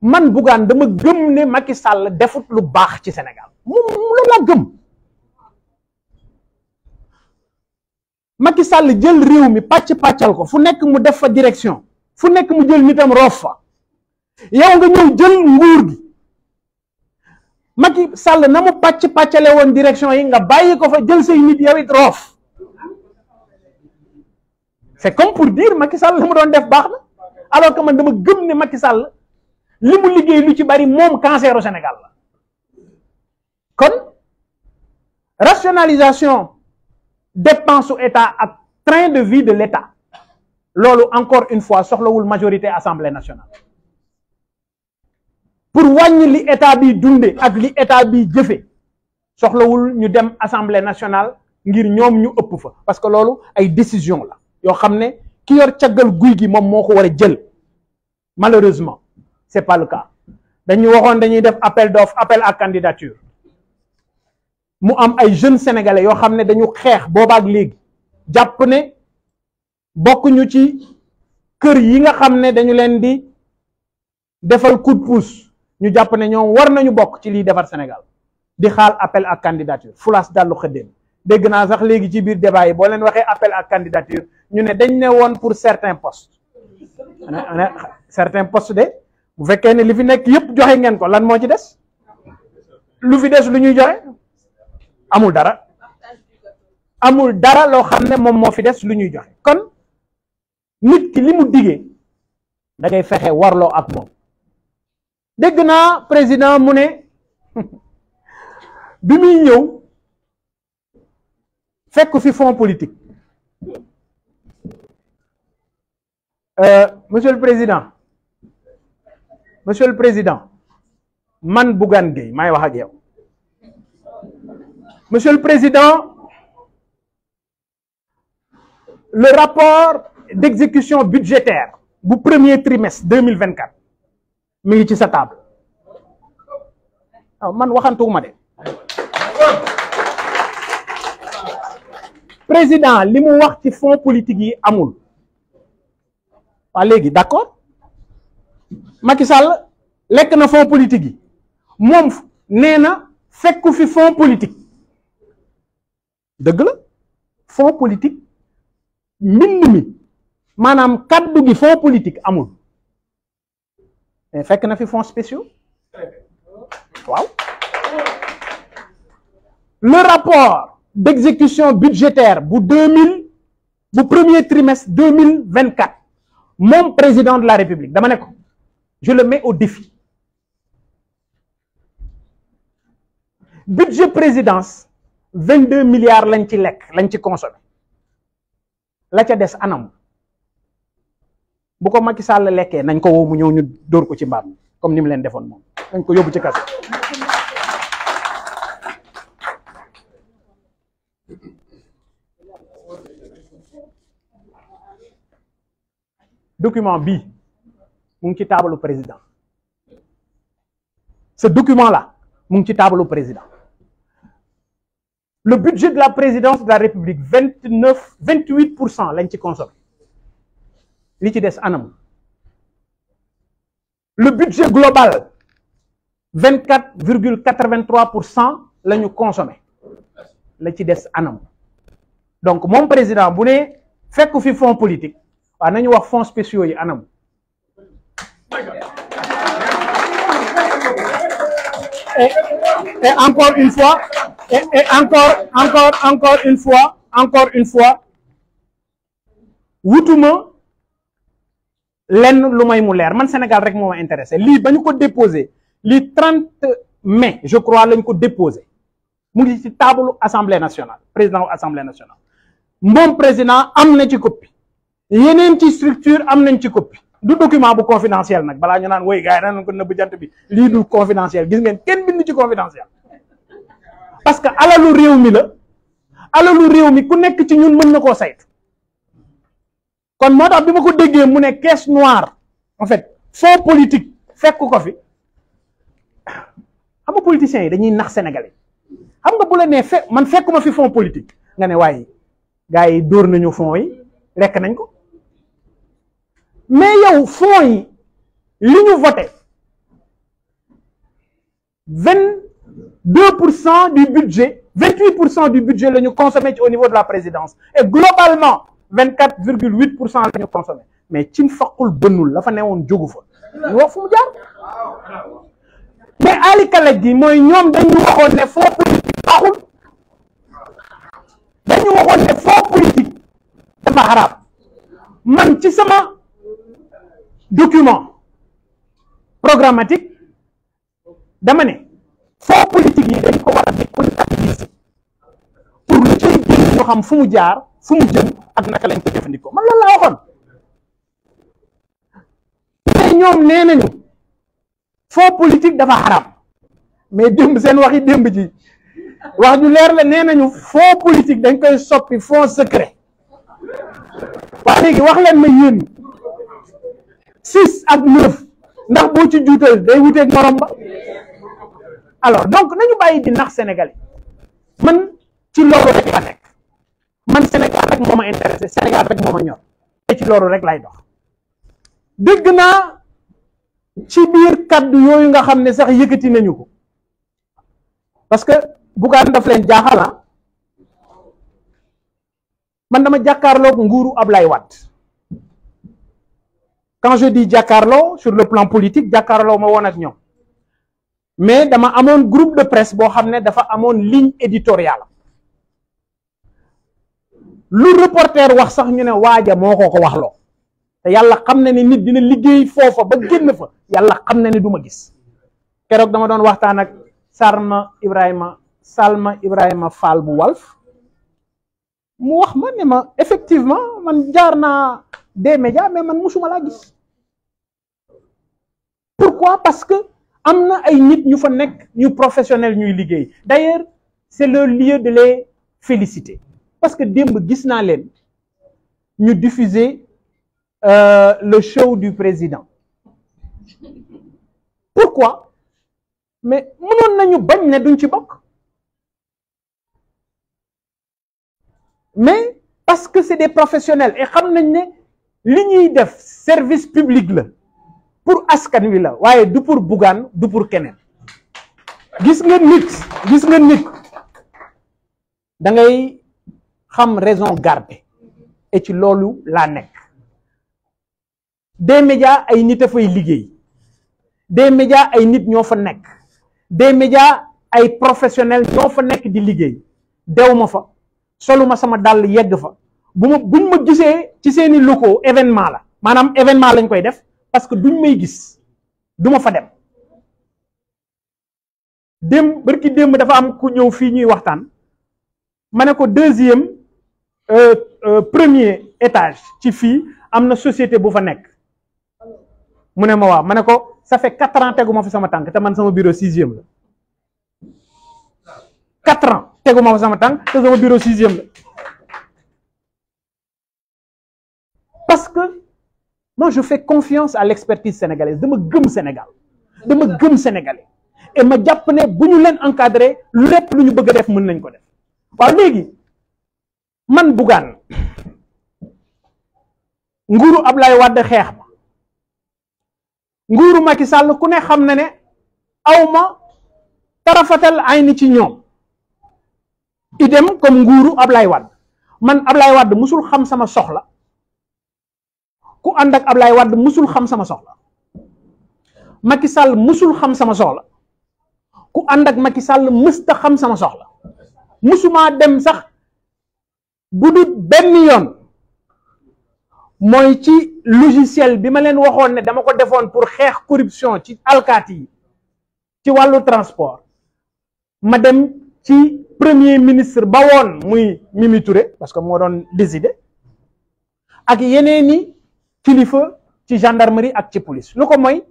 man Bougane dama gëm ne Macky Sall defut lu baax ci Sénégal moom loolu laa gëm Macky Sall jël réew mi pàcc pàccal ko fu nekk mu def fa direction fu nekk mu jël nitam roof fa yow nga ñëw jël nguur gi. Macky Sall na mu pàcc pàccale woon direction yi nga bàyyi ko fa jël say nit yow it roof c'est comme pour dire Macky Sall li mu doon def baax na alors que man dama gëm ne Macky Sall li mu liggéey lu ci bari moom cancer au Sénégal la kon rationalisation dépense u état ak train de vie de l'état loolu encore une fois soxlawul majorité assemblée nationale pour wàññi li état bi dundee ak li état bi jëfe soxlawul ñu dem assemblée nationale ngir ñoom ñu ëpp fa parce que loolu ay décision la yoo xam ne ki yor caggal guy gi moom moo ko war a jël malheureusement c'est pas le cas dañu waxoon dañuy def appel d'offre appel à candidature mu am ay jeunes sénégalais yoo xam ne dañu xeex boobaak léegi jàpp ne bokkuñu ci kër yi nga xam ne dañu leen di defal coup de ñu jàpp ne ñoom war nañu bokk ci liy defar Sénégal di xaal appel ak candidature fulaas dallu xëddeen dégg naa sax léegi ci biir débat yi boo leen waxee appel à candidature ñu ne dañu ne woon pour certains postes certains postes de bu fekkee ne li fi nekk yëpp joxe ngeen ko lan moo ci des lu fi des lu ñuy joxe amul dara amul dara loo xam ne moom moo fi des lu ñuy joxe kon nit ki li mu diggee da fexe warloo ak moom dégg naa président mu ne bi muy ñëw fekk fi fon politique euh, monsieur le président monsieur président man Bougane Gueye maay wax ak yow monsieur le président le rapport d'exécution budgétaire bu premier trimestre deux mille vingt-quatre mi ngi ci sa table oh, man waxantuwuma de président li mu wax ci fonds politique yi amul waa léegi d'accord Macky Sall lekk na fonds politique yi moom nee na fekku fi fonds politique dëgg la fonds politique mbind mi maanaam kaddu gi fonds politique amul mais eh, fekk na fi fonds spéciaux waaw le rapport d'exécution budgétaire bu deux mille bu premier trimestre deux mille vingt quatre moom président de la république dama ne ko je le mets au défi budget présidence vingt deux milliards lañ ci lekk lañ ci consommé la ca des anam bu ko Macky Sall lekkee nañ ko woo mu ñëw ñu dóor ko ci mbaam comme nim leen defoon moom nañ ko bu ci kaso document bi mu ngi ci taabalu président ce document la mu ngi ci taabalu président le budget de la présidence de la république vingt neuf vingt huit pour cent lañ ci consommé li ci des anam le budget global vingt quatre virgule quatre pour cent la ñu consommé ci des anam donc moom président bu ne fekk fi fonds politique waaw nañu wax fonds spéciaux yi anam et, et encore une fois et, et encore encore encore une fois encore une fois wutuma lenn lu may mu leer man Sénégal rek moom ma intéressé lii ba ñu ko déposé lii trente mais je crois lañ ko déposé mu ngi ci taabalu assemblée nationale président wu assemblée nationale moom président am na ci copie yeneen ci structure am nañ ci copie du document bu confidentiel nag balaa ñu naan woy gars yi naan ko nëbb jant bi lii du confidentiel gis ngeen kenn bind ci confidentiel parce que alalu réew mi la alalu réew mi ku nekk ci ñun mën na koo saytu. kon moo tax bi ma ko déggee mu ne caisse noire en fait fonds politique fekk ko fi xam nga politiciens yi dañuy nax sénégalais xam nga bu la nee fe man fekkuma fi fonds politique nga ne waaye gars yi dóor nañu fonds yi lekk nañ ko mais yow fonds yi li ñu voté vingt deux pour cent du budget vingt huit pour cent du budget la ñu consommé ci au niveau de la présidence et globalement vingt quatre virgule huit pour cent la ñu consommé mais ci faqul bënnul la fa newoon jógu fa ñu wax fu mu jaar mais alikala gi mooy ñoom dañu waxoon ne foo politique baaxul dañu waxoon ne foo politique dafa xaraam man ci sama document programmatique dama ne foo politique yi dañ ko war a décontabiliser xam fu mu jaar fu mu jëm ak naka lañ ko jëfandikoo man loolu laa waxoon te ñoom nee nañu foo politique dafa xaram mais démb seen waxi démb ji wax ju leer la nee nañu foo politique dañ koy soppi foo secret waa léegi wax leen ma yéen six ak neuf ndax boo ci juutal day wuteeg morom ba alors donc nañu bàyyi di nax Sénégalais man ci loolu rek la rek moo ma intéressé Sénégal rek moo ma ñor dégg naa ci biir kàddu yooyu nga xam ne sax yëkkati nañu ko parce que Bougane daf leen jaaxala ah. man dama jàkkaarloog nguuru Ablaye Wade quand je dis jàkkaarloo sur le plan politique jàkkaarloo ma woon ak ñoom mais dama amoon groupe de presse boo xam ne dafa amoon ligne éditoriale lu reporter wax sax ñu ne waaja moo ko ko waxloo te yàlla xam na ni nit dina liggéey foofa ba génn fa yàlla xam na ni du ma gis keroog dama doon waxtaan ak Sarma Ibrahima Salma Ibrahima Fall bu Walf mu wax ma ne ma effectivement man jaar naa des médias mais man musuma laa gis pourquoi parce que am na ay nit ñu fa nekk ñu professionnel ñuy liggéey d'ailleurs c'est le lieu de les féliciter parce que démb gis naa leen ñu diffuser euh, le show du président pourquoi mais mënoon nañu bañ ne duñ ci bokk mais parce que c'est des professionnels et xam nañ ne li ñuy def service public la pour askan wi la waaye du pour Bougane du pour keneen gis nga nit gis nga nit da xam raison garder et ci loolu laa nekk des médias ay nit a fay liggéey des médias ay nit ñoo fa nekk des médias ay professionnel ñoo fa nekk di liggéey dew ma fa soluma sama dàll yegg fa bu ma buñ ma gisee ci seeni locaux événement la maanaam événement lañ koy def parce que duñ may gis du ma fa dem démb bërki démb dafa am ku ñëw fii ñuy waxtaan ma ne ko deuxième Euh, euh, premier étage ci fii am na société bu fa nekk mu ne ma waaw ma ne ko ça fait quatre ans tegu ma sama tànk te man sama bureau sixième la quatre ans tegu te sama bureau parce que moi je fais confiance à l'expertise sénégalaise dama gëm Sénégal dama gëm sénégalais et ma jàpp ne bu ñu leen encadré lu lépp lu ñu bëgg def mën nañ ko def waaw léegi man bugaan nguuru Ablaye Wade xeex ma nguuru Macky Sall ku ne xam na ne aw ma tarafatal ay ni ci ñoom idem comme nguuru Ablaye Wade man Ablaye Wade musul xam sama soxla ku ànd ak Ablaye Wade musul xam sama soxla Macky Sall musul xam sama soxla ku ànd ak Macky Sall mësta xam sama soxla musuma dem sax bu dut benn yoon mooy ci logiciel bi ma leen waxoon ne dama ko defoon pour xeex corruption ci alkaati yi ci wàllu transport ma dem ci premier ministre ba woon muy Mimi Touré parce que moo doon désidé ak yeneeni kilifa ci gendarmerie ak ci police lu ko mooy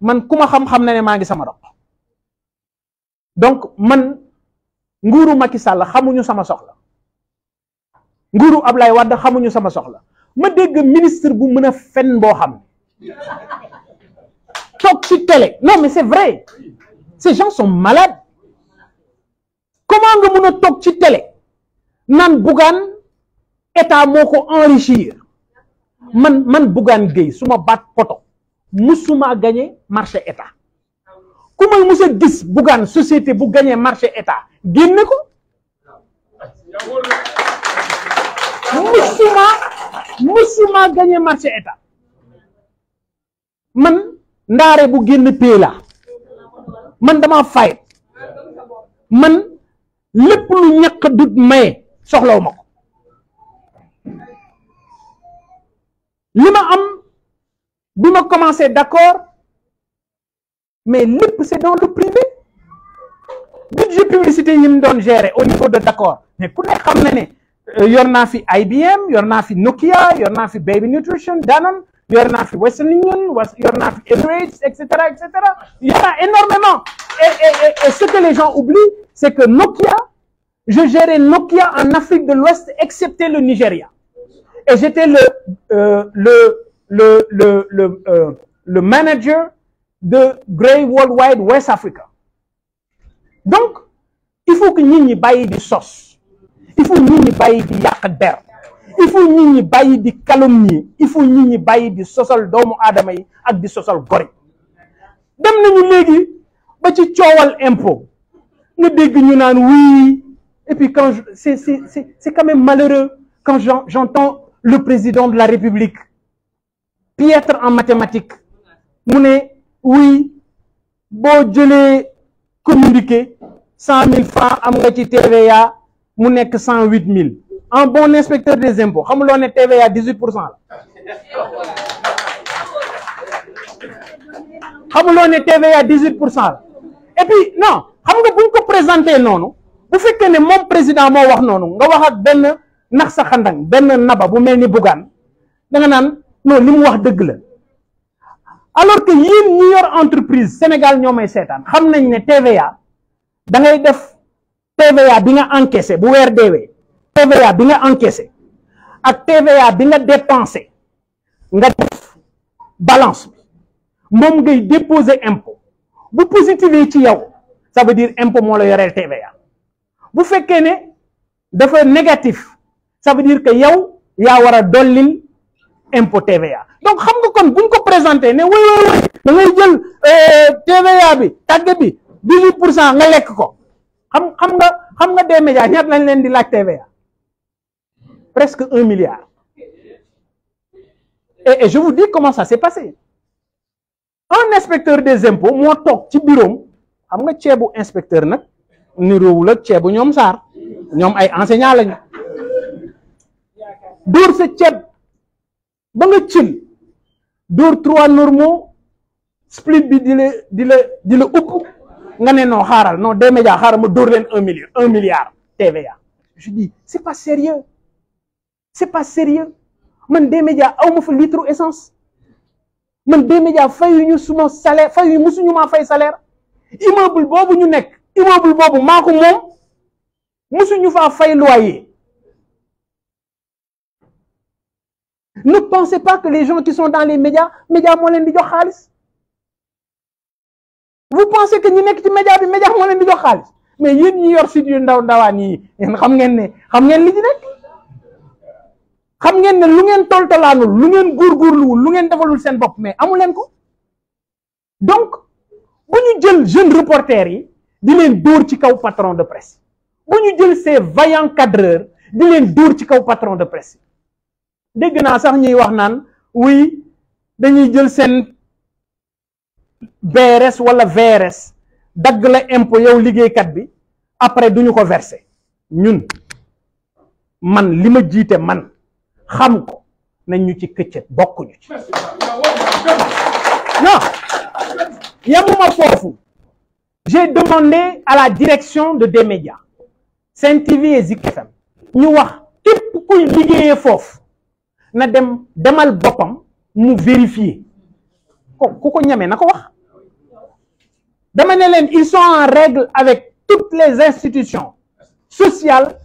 man ku ma xam-xam na ne maa ngi sama dox donc man nguuru Macky Sall xamuñu sama soxla nguuru Ablaye Wade xamuñu sama soxla ma dégg ministre bu mën a fen boo xam toog ci télé non mais c'est vrai ces gens sont malades comment nga mën a toog ci télé naan Bougane état moo ko enrichir man man Bougane Gueye su ma baat poto musuma gagné marché état ku may mus gis Bougane société bu gagné marché état génne ko musuma musuma gagné marché état man ndaare bu génn pay la man dama fay man lépp lu ñàkk dut maye soxlaw ma ko li ma am bi ma commencé d'accord mais lépp c'est dans le privé budget publicité yi mu doon gérer au niveau de d'accord mais ku ne xam na ne Euh, yor naa fi IBM yor Nokia yor naa fi Baby Nutrition Danone yor naa fi Western Union Emirates et cetera et cetera y en a énormément et, que les gens oublient c'est que Nokia je gérais Nokia en Afrique de l'Ouest excepté le Nigeria et j'étais le, euh, euh, manager de Grey Worldwide West Africa donc il faut que nit ñi bàyyi di sos il faut nit ñi bàyyi di yàq der il faut ñi bàyyi di calomnier il faut ñi bàyyi di sosal doomu aadama yi ak di sosal gori dem nañu léegi ba ci coowal impôt nga dégg ñu naan oui et puis c'est c'est c'est quand même malheureux quand j'entends le président de la République piètre en mathématiques mu ne oui boo jëlee communiqué cent mille francs am nga TVA mu nekk cent huit mille un bon inspecteur des impôts xamuloo ne TVA dix huit pour cent la xamuloo ne TVA dix huit pour cent la et non xam nga buñ ko présenté noonu bu fekkee ne moom président moo wax noonu nga wax ak benn nax sa xandang benn naba bu mel ni Bougane da nga naan non li mu wax dëgg la alors que yéen ñi yor entreprise Sénégal ñoo may seetaan xam nañ ne TVA da def. TVA bi nga encaissé bu weer deewee TVA bi nga encaissé ak TVA bi nga dépensé nga def balance bi moom ngay déposer impôt bu positive ci yow ça veut dire impôt moo la yoreel TVA bu fekkee ne dafa négatif ça veut que yaw yaa war a dollil impôt TVA donc xam nga kon buñ ko présenté ne woy woy da ngay jël euh, TVA bi tàgge bi 18 pour cent nga lekk ko xam xam nga xam nga des médias ñaata lañ leen di laaj TVA presque un milliard et, et je vous dis comment ça s'est passé un inspecteur des impôts moo toog ci bureau xam nga ceebu inspecteur nag niroowul ak ceebu ñoom saar ñoom ay enseignant lañu dóor sa ceeb ba nga cil dóor trois normaux split bi di di la di la upp nga ne non xaaral non des médias xaaral ma dóor leen un million un milliard a je dis c'est pas sérieux c'est pas sérieux man des médias aw ma fa litre essence man des médias fayuñu suma salaire fayuñu musuñu maa fay salaire immeuble boobu ñu nekk immeuble boobu maa ko moom musuñu faa fay loyer ne pensez pas que les gens qui sont dans les médias médias moo leen di jox vous pensez que ñi nekk ci média bi média moo leen di jox xaalis mais yéen ñi yor site yu ndaw ndawaan yi yéen xam ngeen ne xam ngeen li ci nekk xam ngeen ne lu ngeen toltalaanul lu ngeen góor góorgóorluwul lu ngeen defalul seen bopp mais amu leen ko donc bu ñu jël jeune reporter yi di leen dóor ci kaw patron de presse bu ñu jël ces vaillants cadreurs di leen dóor ci kaw patron de presse dégg naa sax ñuy wax naan oui dañuy jël seen BRS wala VRS dagg la impôt yow liggéeykat bi après duñu ko verser ñun man lima jiite man xam ko nañ ñu ci këccët bokkuñu ci non yamuma foofu j'ai demandé à la direction de des médias Sen TV et Zik FM ñu wax képp kuy liggéeyee foofu na dem demal boppam mu vérifier ko ku ko ñeme na ko wax dama ne leen ils sont en règle avec toutes les institutions sociales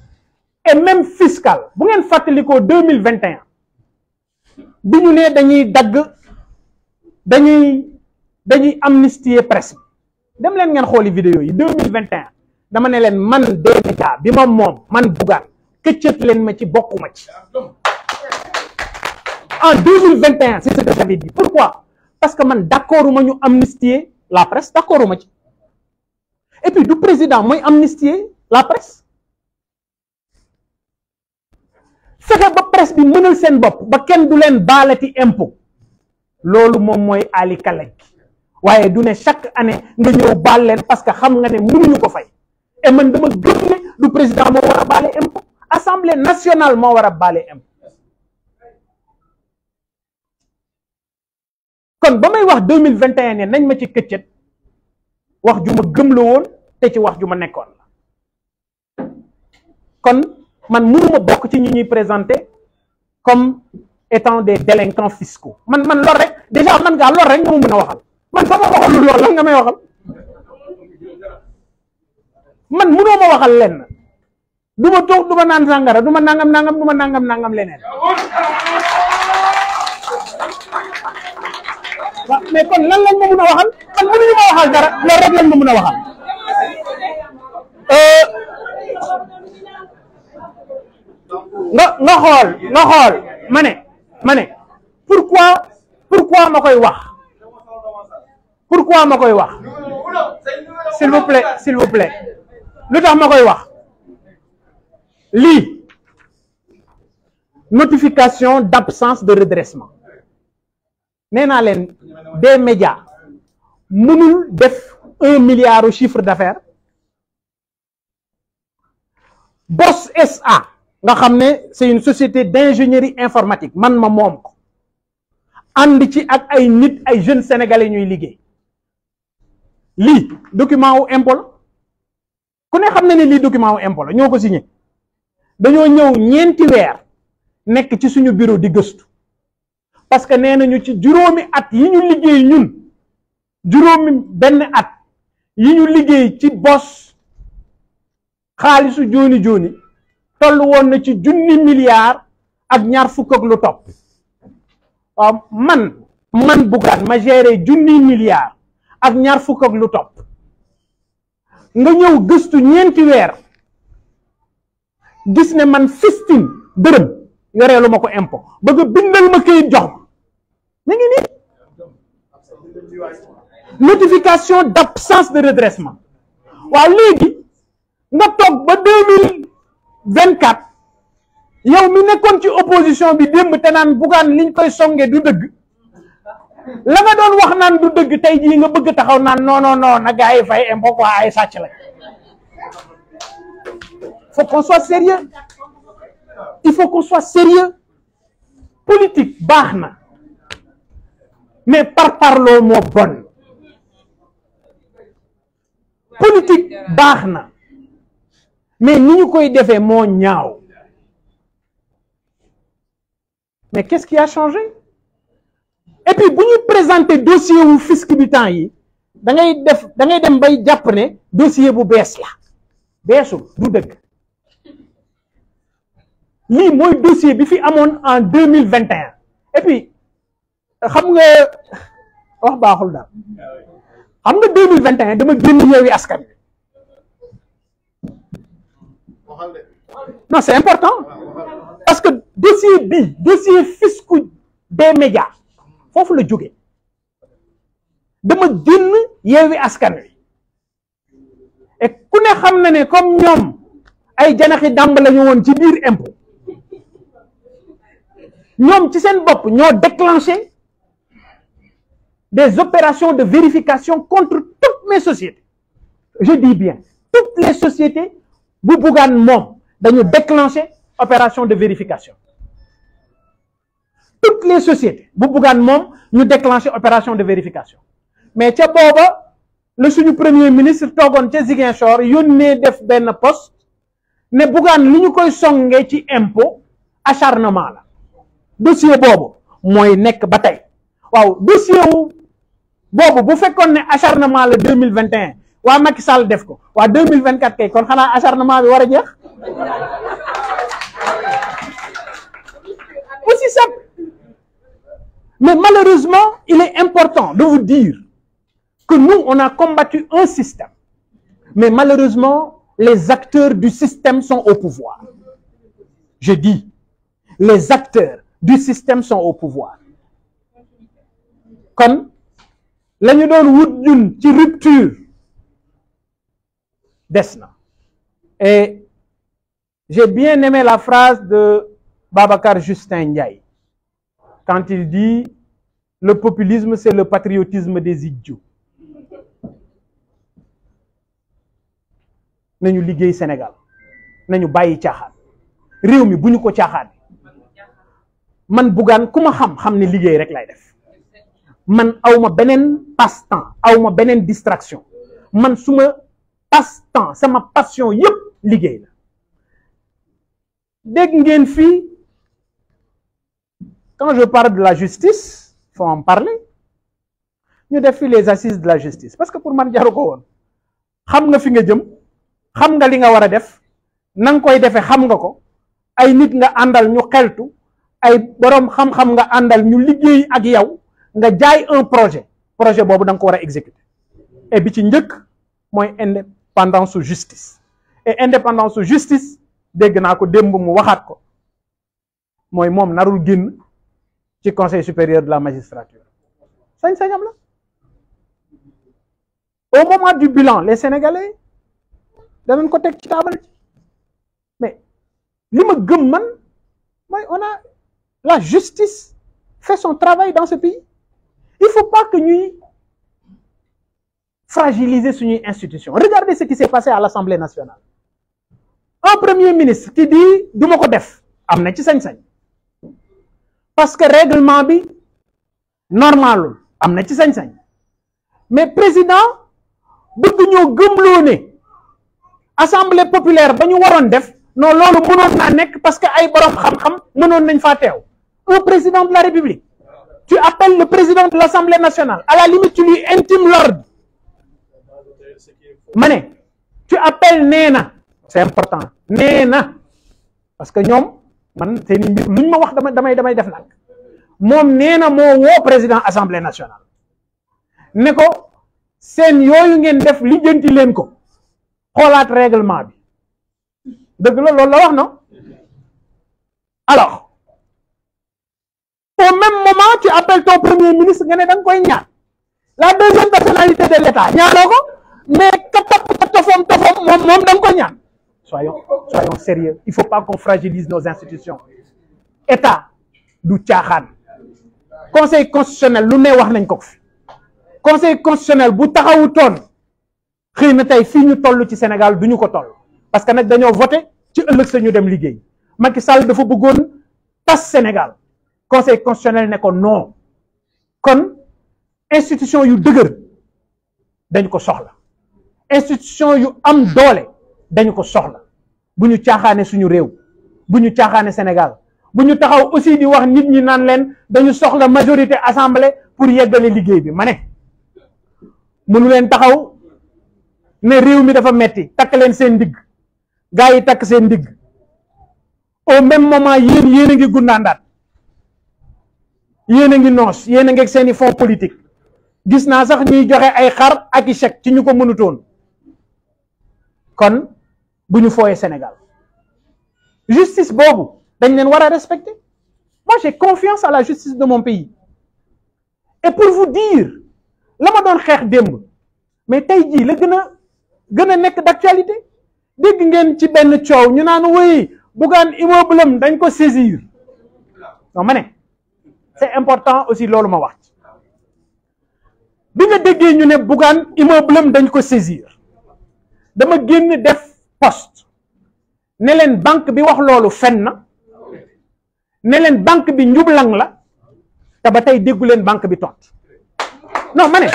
et même fiscales bu ngeen fàttalikoo deux mille vingt et un bi ñu ne dañuy dagg dañuy dañuy amnistier presse dem leen ngeen xooli vidéo yi deux mille dama ne leen man D-Media bi ma moom man Bougane këccët leen ma ci bokkuma ci en deux mille vingt et un c'est pourquoi parce que man d'accorduma ñu amnistier la presse d'accorduma ci et puis du président mooy amnistier la presse fexe ba presse bi mënal seen bopp ba kenn du leen baalati impôt loolu moom mooy Ali Kalek waaye du ne chaque année nga ñëw baal leen parce que xam nga ne ñu ko fay et man dama gëm du président moo war a baale assemblée nationale moo war a baale impôt kon ba may wax deux mille vingt et un ne nañ ma ci këccët wax ju ma gëm la woon te ci wax ju ma nekkoon la kon man mënuma bokk ci ñu ñuy présenté comme étant des délinquants fiscaux man man lor rek déjà man ngaa lor rek nga ma mën a waxal man sama waxalul lool la nga may waxal man mënoo ma waxal lenn du ma toog du ma naan sàngara du ma nangam nangam du ma nangam nangam leneen mais kon lan lañ ma mën a waxal kon mënuñu ma waxal dara loolu rek lañ ma mën a waxal euh, nga nga xool nga xool ma ne ma ne pourquoi pourquoi ma koy wax pourquoi ma koy wax s'il vous plaît s'il vous plaît lu tax ma koy wax lii notification d'absence de redressement nee naa leen des médias mënul def un milliard chiffre d'affaires Boss SA nga xam ne c'est une société d'ingénierie informatique man ma moom ko ànd ci ak ay nit ay jeunes sénégalais ñuy liggéey lii document wu impôt ku ne xam na ne lii document wu impôt ñoo ko signé dañoo ñëw ñeenti weer nekk ci suñu bureau di gëstu parce que nee nañu ci juróomi at yi ñu liggéey ñun juróomi benn at yi ñu liggéey ci bos xaalisu jooni jooni toll woon na ci junni milliard ak ñaar fukk ak lu topp man man junni milliard ak ñaar fukk nga ñëw gëstu ñeenti weer gis ne man fistin dërëm yoreelu ma ko impôt bëgg a bindal ma këyit jox ma ngi nii notification d' absence de redressement waaw léegi nga toog ba deux mi nekkoon ci opposition bi démb te naan bugaan liñ koy songe du dëgg la nga doon wax naan du dëgg tey jii nga bëgg taxaw naan non non non na gars fay impôt quoi ay sàcc la faut qu'on sérieux il faut qu'on soit sérieux politique baax na mais parparloo moo bon politique baax na mais ni ñu koy defee moo ñaaw mais qu'est-ce qui a changé et puis bu ñu présenter dossier wu fisc bi temps yi da ngay def da ngay dem bay jàpp ne dossier bu bees la beesul du dëgg lii mooy dossier bi fi amoon en deux mille vingt et un et xam nga wax baaxul daal xam nga deux mille vingt et un dama génn yeewi askan non c'est important parce que dossier bi dossier fiscu des médias foofu la jóge dama génn yeewi askan wi et ku ne xam na ne comme ñoom ay janaxi dàmb la ñu woon ci biir impôt ñoom ci seen bopp ñoo déclenché des opérations de vérification contre toutes mes sociétés je dis bien toutes les sociétés bu Bougane moom dañu déclenché opération de vérification toutes les sociétés bu Bougane moom ñu déclenché opération de vérification mais ca booba la suñu premier ministre toogoon ca Ziguinchor yónnee def benn post ne Bougane li ñu koy songee ci impôt acharnement la dossier boobu mooy nekk ba tey waaw dossier wu bu fekkoon ne acharnement la deux mille vingt et waa Macky Sall def ko waa deux mille vingt quatre kay kon xanaa acharnement bi war a jeex aussi simple mais malheureusement il est important de vous dire que nous on a combattu un système mais malheureusement les acteurs du système sont au pouvoir je dis les acteurs du système sont au pouvoir kon la ñu doon wut ñun ci rupture des na et j'ai bien aimé la phrase de Babacar Justin Ndiaye quand il dit le populisme c'est le patriotisme des idiots nañu liggéey Sénégal nañu bàyyi caaxaan réew mi bu ñu ko caaxaan man Bougane ku ma xam xam ne liggéey rek lay def man awma beneen passe temps awma beneen distraction man suma ma passe temps sama passion yëpp liggéey la dégg ngeen fii quand je parle de la justice faut en parler ñu def fi les assises de la justice parce que pour man jaru ko woon xam nga fi nga jëm xam nga li nga war a def na nga koy defee xam nga ko ay nit nga àndal ñu xeltu ay borom xam-xam nga àndal ñu liggéey ak yow nga jaay un projet projet boobu danga ko war a exécuter et ci njëkk mooy indépendance su justice et indépendant su justice dégg naa ko démb mu waxaat ko mooy moom narul génn ci conseil supérieur de la magistrature sañ-sañam la au du bilan les sénégalais danañ ko teg ci taabal mais li ma mooy on la justice fait son travail dans ce pays il faut pas que ñuy fragiliser suñuy institution regardez ce qui s'est passé à l'Assemblée nationale un premier ministre qui dit duma ko def am na ci sañ-sañ parce que règlement bi normalul am na ci sañ-sañ mais président bëgg ñoo gëmloo ne assemblée populaire ba ñu waroon def non loolu mënoon naa nekk parce que ay borom xam-xam mënoon nañ faa teew un président de la République. Tu appelles le président de l'Assemblée nationale. À la limite, tu lui intimes l'ordre. Mané, tu appelles Néna. C'est important. Néna. Parce que nous, c'est ce damay je dis, moom nee na moo woo président assemblée nationale ne ko seen yooyu ngeen def lijjanti leen ko xoolaat règlement bi dëgg la loolu la wax na alors au même moment tu appelles ton premier ministre nga ne da nga koy ñaan la deuxième personnalité de l'État ñaanoo ko mais ka topp ka tofom tofom moom moom da nga koy ñaan soyons soyons sérieux il faut pas qu'on fragilise nos institutions État du caaxaan conseil constitutionnel lu ne wax nañ ko fi conseil constitutionnel bu taxawu toon xëy na tey fii ñu toll ci Sénégal du ñu ko toll parce que nag dañoo voté ci ëllëg sa ñu dem liggéey Macky Sall dafa bëggoon tas Sénégal conseil constitutionnel ne ko non kon institution yu dëgër dañ ko soxla institution yu am doole dañu ko soxla bu ñu caaxaane suñu réew bu ñu caaxaane Sénégal bu ñu taxaw aussi di wax nit ñi naan leen dañu soxla majorité assemblée pour yeggale liggéey bi ma ne mënu leen taxaw ne réew mi dafa metti takk leen seen ndigg gaa yi takk seen ndigg au même moment yéen yéen a ngi gundaandaat yéen a ngi noos yéen a ngi ak seen i politique gis naa sax ñuy joxe ay xar ak i chèque ci ñu ko mënutoon kon bu ñu fooyee Sénégal justice boobu dañ leen war a respecter moi j'ai confiance à la justice de mon pays et pour vous dire la ma doon xeex démb mais tey jii la gëna a gën a nekk d'actualité dégg ngeen ci benn coow ñu naan woy Bougane immeuble am dañ ko saisir non ma ne c'est important aussi loolu ma wax bi nga déggee ñu ne Bougane immeuble lam dañ ko saisir dama génn def poste ne leen banque bi wax loolu fen na ne leen banque bi njublang la te ba tey déggu leen banque bi tont non ma ne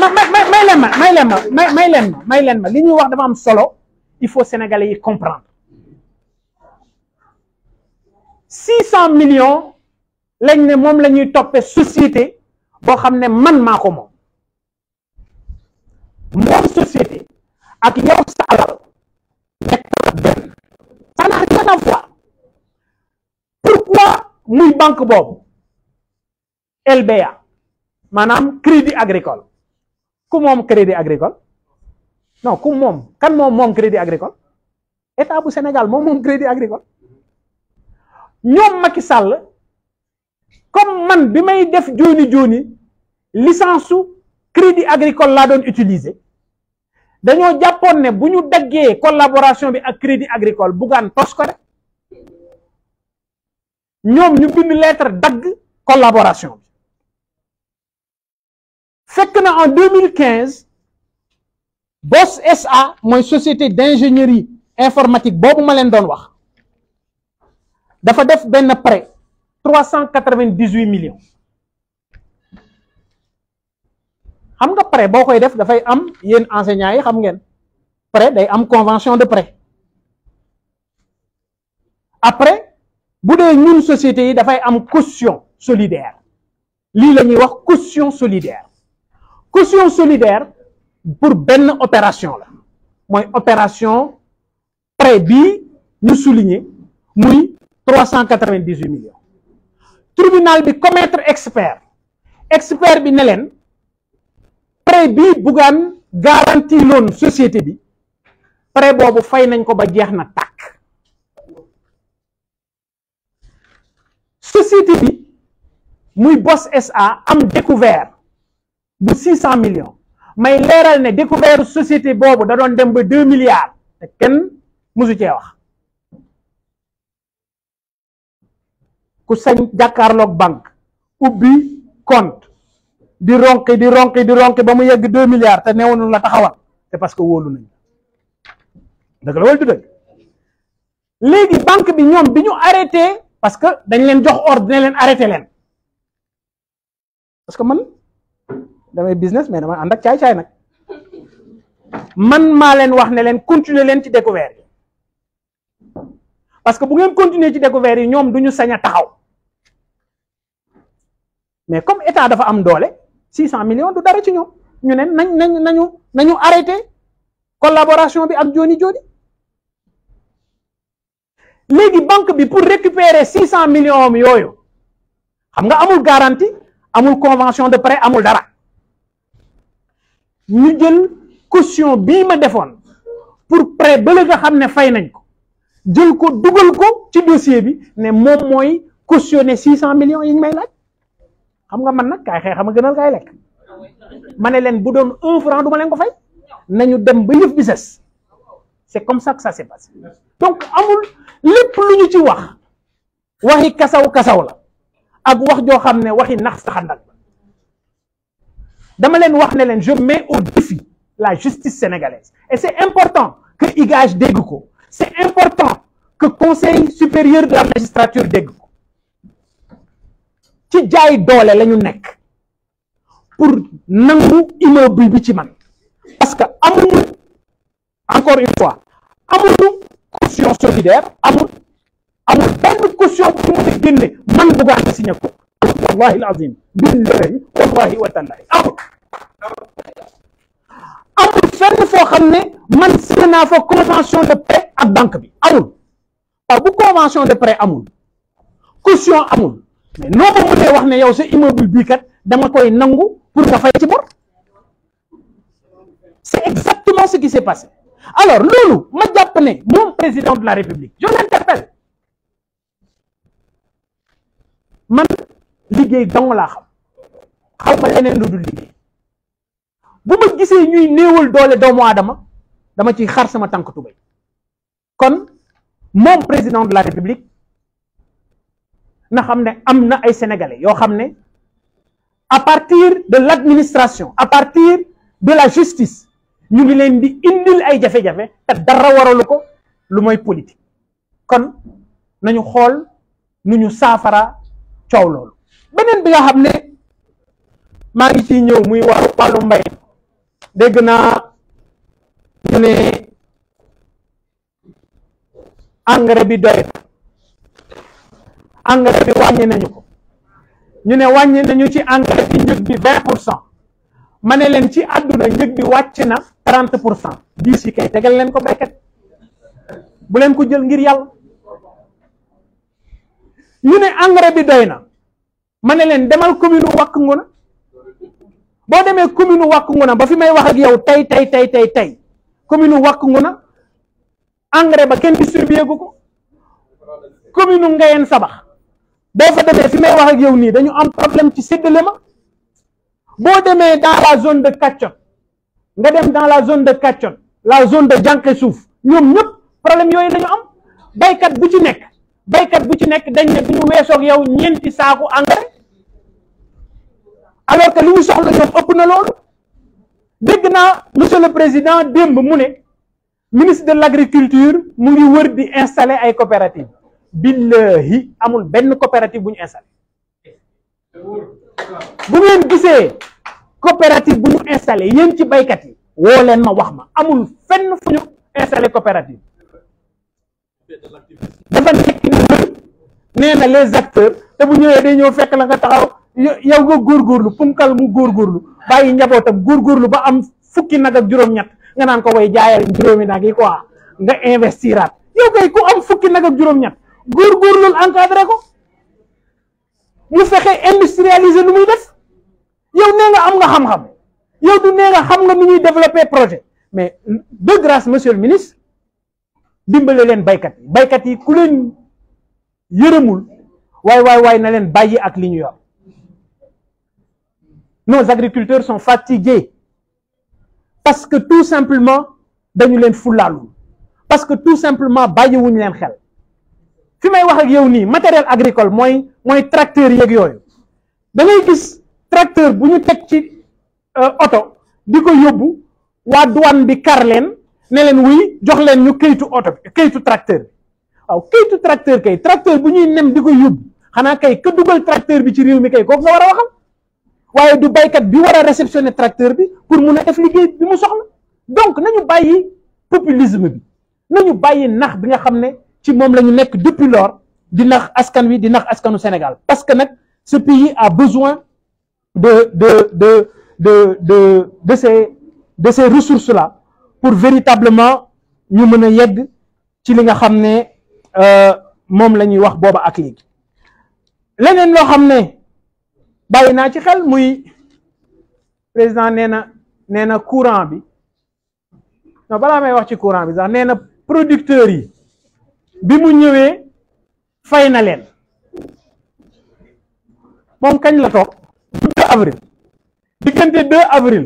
ma ma may leen may leen ma may may leen ma may leen ma li ñuy wax dafa am solo il faut sénégalais yi comprendre cent millions lañ ne moom la ñuy toppe société boo xam ne man maa ko moom moom société ak yow sa alal nekk benn ça n'a rien à pourquoi muy banque boobu LBA maanaam crédit agricole ku moom crédit agricole non ku moom kan moom moom crédit agricole état bu Sénégal moom moom crédit agricole ñoom Macky Sall comme man bi may def jooni jooni licence su crédit agricole laa doon utiliser dañoo jàppoon ne bu ñu daggee collaboration bi ak crédit agricole buggaan tos ko rek ñoom ñu bind lettre dagg collaboration bi fekk na en 2015 BOS SA mooy société d'ingénierie informatique boobu ma leen doon wax dafa def benn prêt trois cent quatre vingt dix huit millions xam nga prêt boo koy def dafay am yéen enseignants yi xam ngeen prêt day am convention de prêt après bu dee ñun société yi dafay am costion solidaire lii la ñuy wax costion solidaire costion solidaire pour benn opération la mooy opération prêt bii ñu souligner muy trois cent quatre-vingt-dix-huit millions tribunal bi commettre expert expert bi ne leen prêt bi Bougane garantie société bi prêt boobu fay nañ ko ba jeex na tàkk société bi muy bos SA am découvert bu million cent millions may leeral ne découvert société boobu dadoon dem ba deux milliards te kenn mësu cee wax ku sañ jàkkaarloog banque ubbi compte di ronki di ronki di ronki ba mu yegg deux milliards te newoon la taxawal te parce que wóolu nañ dëgg la wala du léegi banque bi ñoom bi ñu arrêté parce que dañ leen jox ordre ne leen arrêté leen parce que man damay business mais damay ànd ak caay-caay nag man maa leen wax ne leen continuer leen ci découvert yi parce que bu ngeen continuer ci découvert yi ñoom du ñu sañ a taxaw mais comme état dafa am doole 600 millions du dara ci ñoom ñu ne nañ nañ nañu nañu arrêté collaboration bi ak Joni Joni léegi banque bi pour récupérer 600 millions am yooyu xam nga amul garantie amul convention de prêt amul dara ñu jël costion bii ma defoon pour prêt ba la nga xam ne fay nañ ko jël ko dugal ko ci dossier bi ne moom mooy cautionner 600 millions yi ñu may laaj. xam nga man nag kaay xeex xam nga gënal kaay lekk ma ne leen bu doon un franc du ma leen ko fay nañu dem ba yëf bi ses c'est comme ça que ça s'est passé donc amul lép lu ñu ci wax waxi kasaw kasaw la ak wax joo xam ne waxi nax saxandal dama leen wax ne leen je mais au défi la justice sénégalaise et c'est important que IGAJ dégg ko c'est important que conseil supérieur de la magistrature dégg ci jaay doole la ñu nekk pour nangu immeuble bi ci man parce que amuñu encore une fois amuñu caution solidaire amul amul benn caution bu mu ne génne man Bougane signé ko wallahi alazim billahi wallahi wa tallahi amul amul fenn foo xam ne man signé naa fa convention de prêt ak banque bi amul waaw bu convention de prêt amul caution amul mais noo ko wax ne yow sa immeuble bii kat dama koy nangu pour nga fay ci bor c'est exactement ce qui s'est passé alors loolu ma jàpp ne moom président de la république je l'interpelle man liggéey dong laa xam xaw ma leneen lu dul liggéey bu ma gisee ñuy néewal doole doomu aadama dama ciy xar sama tànk tubéy kon moom président de la république na xam ne am na ay sénégalais yoo xam ne à partir de l'administration à partir de la justice ñu ngi leen di indil ay jafe-jafe te dara waralu ko lu mooy politique kon nañu xool nu ñu saafara coow loolu beneen bi nga xam ne maa ngi ci ñëw muy wàllu wàllu mbay dégg naa ñu ne engrais bi doy engrais bi wàññi nañu ko ñu ne wàññi nañu ci engrais bi njëg bi vingt pour cent ma ne leen ci àdduna njëg bi wàcc na trente pour cent diis yi kay tegal leen ko béykat bu leen ko jël ngir yàlla ñu ne engrais bi doy na ma ne leen demal commune wàkk nguna boo demee commune wàkk na ba fi may wax ak yow tey tey tey tey tey commune wàkk nguna engrais ba kenn distribué gu ko commune Ngayeen Sabax boo fa demee fi wax ak yow nii dañu am problème ci séddale ma boo demee dans la zone de Katchon nga dem dans la zone de Katchon la zone de Jànke Suuf ñoom ñëpp problème yooyu lañu am baykat bu ci nekk baykat bu ci nekk dañ ne du ñu weesoog yow ñeenti saaku engrais alors que li ñu soxla ñoom ëpp na loolu dégg naa monsieur le président démb mu ne ministre de l' agriculture mu ngi wër di installé ay coopératives billahi amul benn coopérative bu ñu installé bu ngeen gisee coopérative bu installé yéen ci baykat yi woo leen ma wax ma amul fenn fu ñu installé coopérative dafa nekk ni nee na les acteurs te bu ñëwee day ñëw fekk la nga taxaw yow nga góorgóorlu punkal mu góorgóorlu bàyyi njabootam góorgóorlu ba am fukki nag ak juróom-ñett nga naan ko way jaayal juróomi nag yi quoi nga investiraat yow kay ku am fukki nag ak juróom-ñett góorgóorlu encadré ko mu fexe industrialiser lu muy def yow nee nga am nga xam-xam yow du nee nga xam nga nu ñuy développer projet mais de grâce monsieur le ministre dimbale leen baykat yi baykat yi ku leen yërëmul waaye waay waaye na leen bàyyi ak li ñuy yor nos agriculteurs sont fatigués parce que tout simplement dañu leen fulaalul parce que tout simplement bàyyiwuñu leen xel fi may wax ak yow nii matériel agricole mooy mooy tracteur yeeg yooyu da ngay gis tracteur bu ñu teg ci euh, oto di ko yóbbu waa douane bi kar leen ne leen wuy jox leen ñu këytu oto bi këytu tracteur bi waaw këytu tracteur kay tracteur bu ñuy nem di ko yóbbu xanaa kay ka dugal tracteur bi ci réew mi kay kooku nga war a waxal waaye du baykat bi war a réceptionner tracteur bi pour mun a def liggéey bi mu soxla donc ñu bàyyi populisme bi nañu bàyyi nax bi nga xam ne ci moom la ñu nekk depuis lors di nax askan wi di nax askanu Sénégal parce que nag ce pays a besoin de de de de de de ces de ces pour véritablement ñu mën a yegg ci li nga xam ne euh, moom la ñuy wax booba ak léegi leneen loo xam ne bàyyi naa ci xel muy président nee na nee na courant bi non balaa may wax ci courant bi sax nee na producteurs yi bi mu ñëwee fay na leen moom kañ la toog 2 avril diggante 2 avril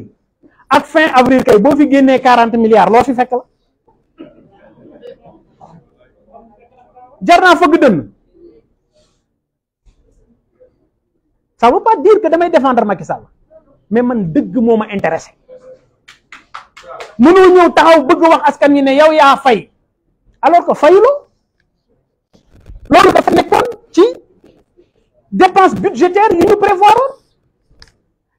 ak fin avril kay boo fi génnee 40 milliards loo fi fekk la jar naa fëgg dënn ça veut pas dire que damay défendre Macky Sall mais man dëgg moo ma intéressé mënoo ñëw taxaw bëgg wax askan wi ne yow yaa fay alors que fayuloo dépense budgétaire yi ñu prévoir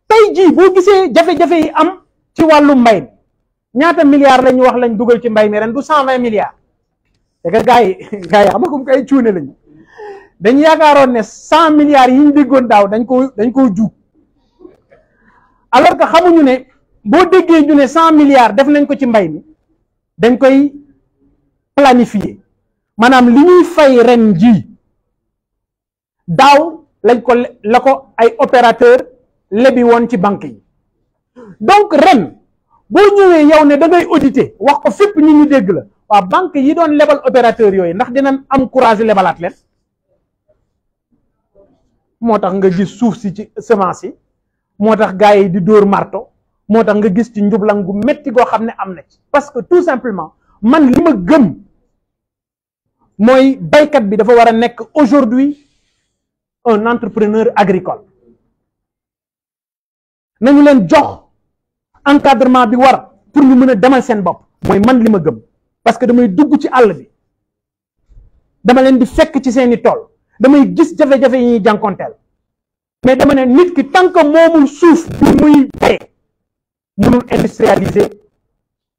tey jii boo gisee jafe-jafe yi am ci wàllu mbay mi ñaata milliards la wax lañ dugal ci mbay mi ren du cent vingt milliards te que gars yi gars yi xam cuune lañu dañu yaakaaroon ne cent milliards yi ñu déggoon daaw dañ koo dañ koo juug alors que xamuñu ne boo déggee ñu ne cent milliards def nañ ko ci mbay mi dañ koy planifier maanaam li ñuy fay ren jii daaw lañ ko la ko ay opérateur lebi woon ci banque yi donc ren boo ñëwee yow ne da ngay auditer wax ko fépp ñu ñu dégg la waa banque yi doon lebal opérateur yooyu ndax dinañ am courage lebalaat leen moo tax nga gis suuf si ci semence yi moo tax gars yi di dóor marto moo tax nga gis ci njublan gu metti goo xam ne am na ci parce que tout simplement man li ma gëm mooy baykat bi dafa war a nekk aujourd'hui un entrepreneur agricole nañu leen jox encadrement bi war pour ñu mën a demal seen bopp mooy man li ma gëm parce que damay dugg ci àll bi dama leen di fekk ci seeni tool damay gis jafe-jafe yi ñuy jànkonteel mais dama ne nit ki tant que moomul suuf bi muy bay mënul industrialiser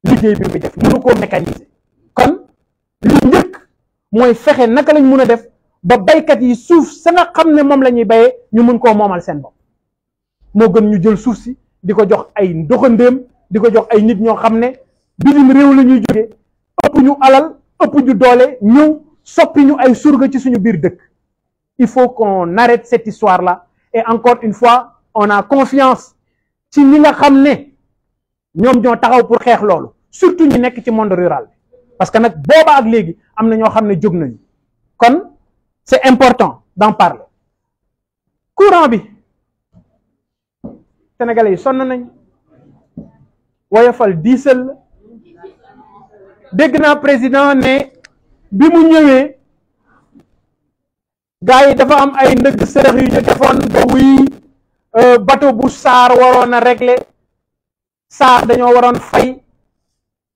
liggéey bi muy def mënu koo mécaniser kon li njëkk mooy fexe naka lañ mun a def ba baykat yi suuf sa nga xam ne moom la ñuy béyee ñu mën koo moomal seen bopp moo gën ñu jël suuf si di ko jox ay ndoxandéem di ko jox ay nit ñoo xam ne bitim réew la ñuy jógee ëpp ñu alal ëpp ñu doole ñu soppi ñu ay surga ci suñu biir dëkk il faut qu'on arrête cette histoire la et encore une fois on a confiance ci ñi nga xam ne ñoom ñoo taxaw pour xeex loolu surtout ñi nekk ci monde rural parce que nag booba ak léegi am na ñoo xam ne jóg nañu c'est important d'en parler courant bi sénégalais yi sonn nañ woyofal diisal la dégg naa président ne bi mu ñëwee gars yi dafa am ay ndëgg sërëx yu ñu defoon ba wuy euh, bateau bu saar waroon a régler saar dañoo waroon fay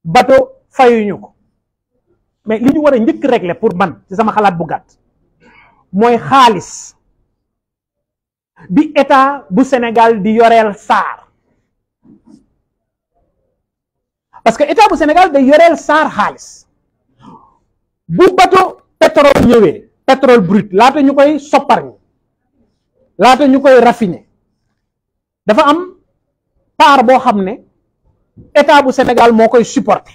bateau fayuñu ko mais li ñu war njëkk régler pour man ci sama xalaat bu gàtt mooy xaalis bi état bu Sénégal di yoreel SAR parce que état bu Sénégal day yoreel SAR xaalis bu bato pétrole ñëwee pétrole brut laata ñu koy soppar ñi laata ñu koy raffiner dafa am part boo xam ne état bu Sénégal moo koy supporter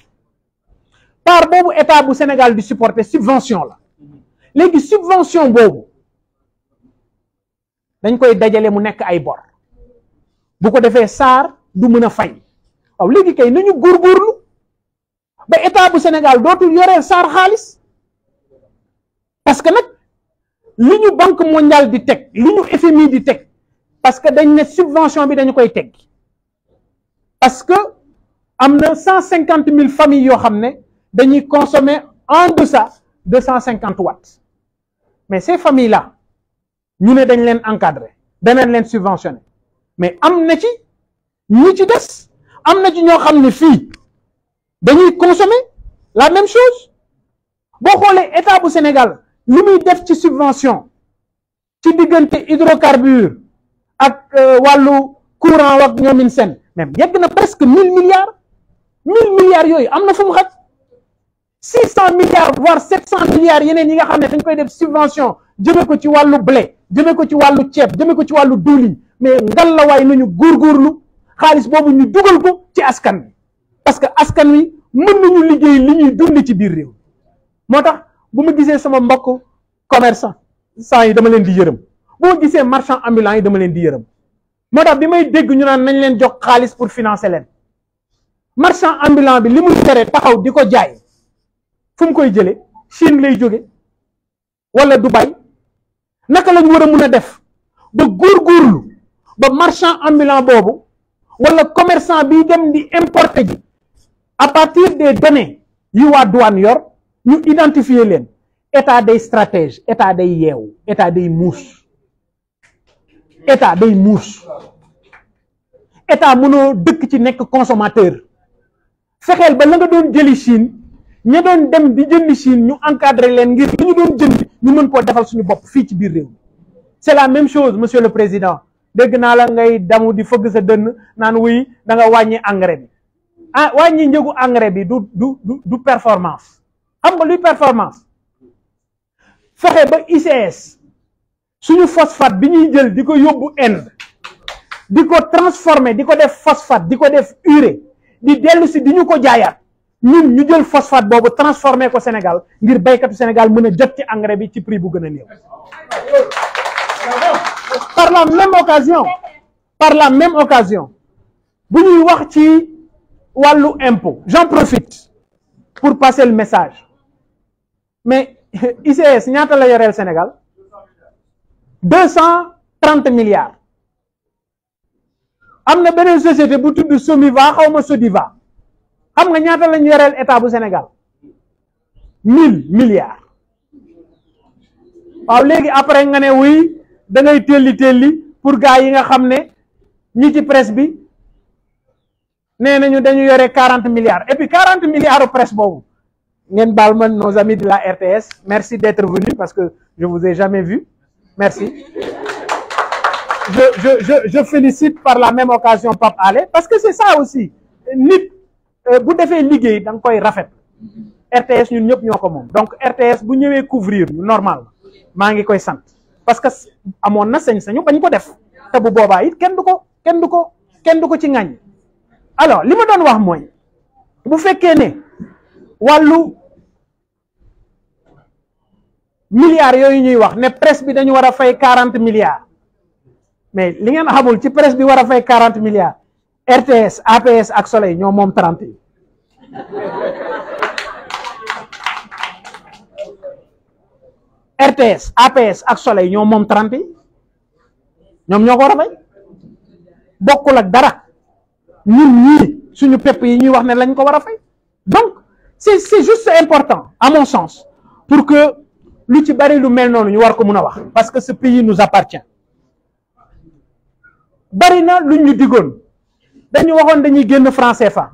part boobu état bu Sénégal di supporter subvention la léegi subvention boobu dañ koy dajale mu nekk ay bor bu ko defee SAR du mën a fay waaw léegi kay nañu góorgóorlu ba état bu Sénégal dootul yoreel SAR xaalis parce que nag li ñu banque mondiale di teg li ñu FMI di teg parce que dañ ne subvention bi dañu koy teg parce que am na cent cinquante mille familles yoo xam ne dañuy consommer en deçà de cent cinquante watts mais ces famille la ñu ne dañ leen encadrer daneen leen subventionné mais am na ci ñi ci des am na ci ñoo xam ne fii dañuy consommer la même chose boo xoolee état bu Sénégal li muy def ci subvention ci diggante hydrocarbure ak euh, wàllu courant ak ñoomin seen même yegg na presque mille milliards mille milliards yooyu am na fu mu xaj six cent milliards voire sept cent milliards yeneen yi nga xam ne dañ koy def subvention jëme ko ci wàllu blé jëme ko ci wàllu ceeb jëme ko ci wàllu diwlin mais ngalawaay nañu góorgóorlu xaalis boobu ñu dugal ko ci askan wi parce que askan wi mën nañu liggéey li ñuy dund ci biir réew moo tax bu ma gisee sama mbokk commerçant saa yi dama leen di yërëm bu ma gisee marchand ambulant yi dama leen di yërëm moo tax bi may dégg ñu naan nañ leen jox xaalis pour financer leen marchand ambulant bi li muy tere taxaw di ko jaay fu mu koy jëlee Chine lay jóge wala Dubai naka lañ war a mun a def ba góorgóorlu ba marchand ambulant boobu wala commerçant bi dem di importer ji à partir des données yi waa douane yor ñu identifier leen état day stratège état day yeewu état day muus état day muus mënoo dëkk ci nekk consomateur fexeel ba la nga doon jëli Chine ña doon dem di jënd Chine ñu encadré leen ngir li ñu doon jënd ñu mën koo defal suñu bopp fii ci biir réew mi c'est la même chose monsieur le président dégg naa la ngay damu di fëgg sa dënn naan wuy da nga wàññi engrais bi ah wàññi njëgu engrais bi du du du du performance xam nga luy performance fexe ba ICS suñu phosphate bi ñuy jël di ko yóbbu Inde di ko transformer di ko def phosphate di ko def ure di dellu si di ñu ko jaayaat ñun ñu jël phosphate boobu transformé ko Sénégal ngir baykatu Sénégal mën a jot ci engrais bi ci prix bu gën a néew par la même occasion par la même occasion bu ñuy wax ci wàllu impôt j'en profite pour passer le message mais ICS ñaata la yoreel Sénégal deux cent trente milliards am na beneen société bu tudd Somiva xaw ma Sodiva am nga ñaata lañ yoreel état bu Sénégal mille milliards waaw léegi après nga ne wuy da ngay telli telli pour gars yi nga xam ne ñi ci presse bi nee nañu dañu yore quarante milliards et quarante milliards presse boobu ngeen baal ma nos amis de la RTS merci d'être venus parce que je vous ai jamais vu merci je je je félicite par la même occasion Pape Alé parce que c'est ça aussi nit Euh, bu defee liggéey danga koy rafet RTS ñun ñëpp ñoo ko moom donc RTS bu ñëwee couvrir ñu normal maa ngi koy sant parce que amoon na sañ-sañu bañ ko def te bu boobaa it kenn du ko kenn du ko kenn du ko ci ngañ alors li ma doon wax mooy bu fekkee ne wàllu milliards yooyu ñuy wax ne presse bi dañu war a fay quarante milliards mais li ngeen xamul ci presse bi war a fay quarante milliards RTS APS ak Soleil ñoo moom 30 RTS APS ak Soleil ñoo moom 30 yi ñoom ñoo ko war a bay bokkul ak dara ñun ñii suñu pepp yi ñuy wax ne lañ ko war a fay donc c'est c'est juste important à mon sens pour que lu ci bari lu mel noonu ñu war ko mun a wax parce que ce pays nous appartient bari na lu ñu digoon dañu waxoon dañuy génn franc CFA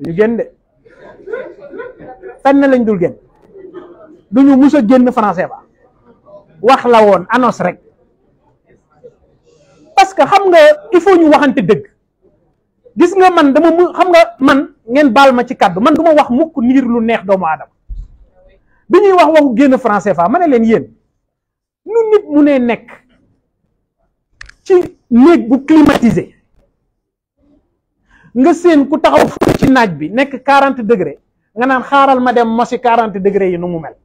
duñu génn de fenn lañ dul génn duñu mus a génn franc CFA wax la woon annonce rek parce que xam nga il faut ñu waxante dëgg gis nga man dama mu xam nga man ngeen baal ma ci kàddu man du ma wax mukk niir lu neex doomu aadama bi ñuy wax waxu génn franc CFA ma ne leen yéen nu nit mu ne nekk ci néeg bu climatisé nga séen ku taxaw fële ci naaj bi nekk 40 degré nga naan xaaral ma dem mosi 40 degré yi nu mu mel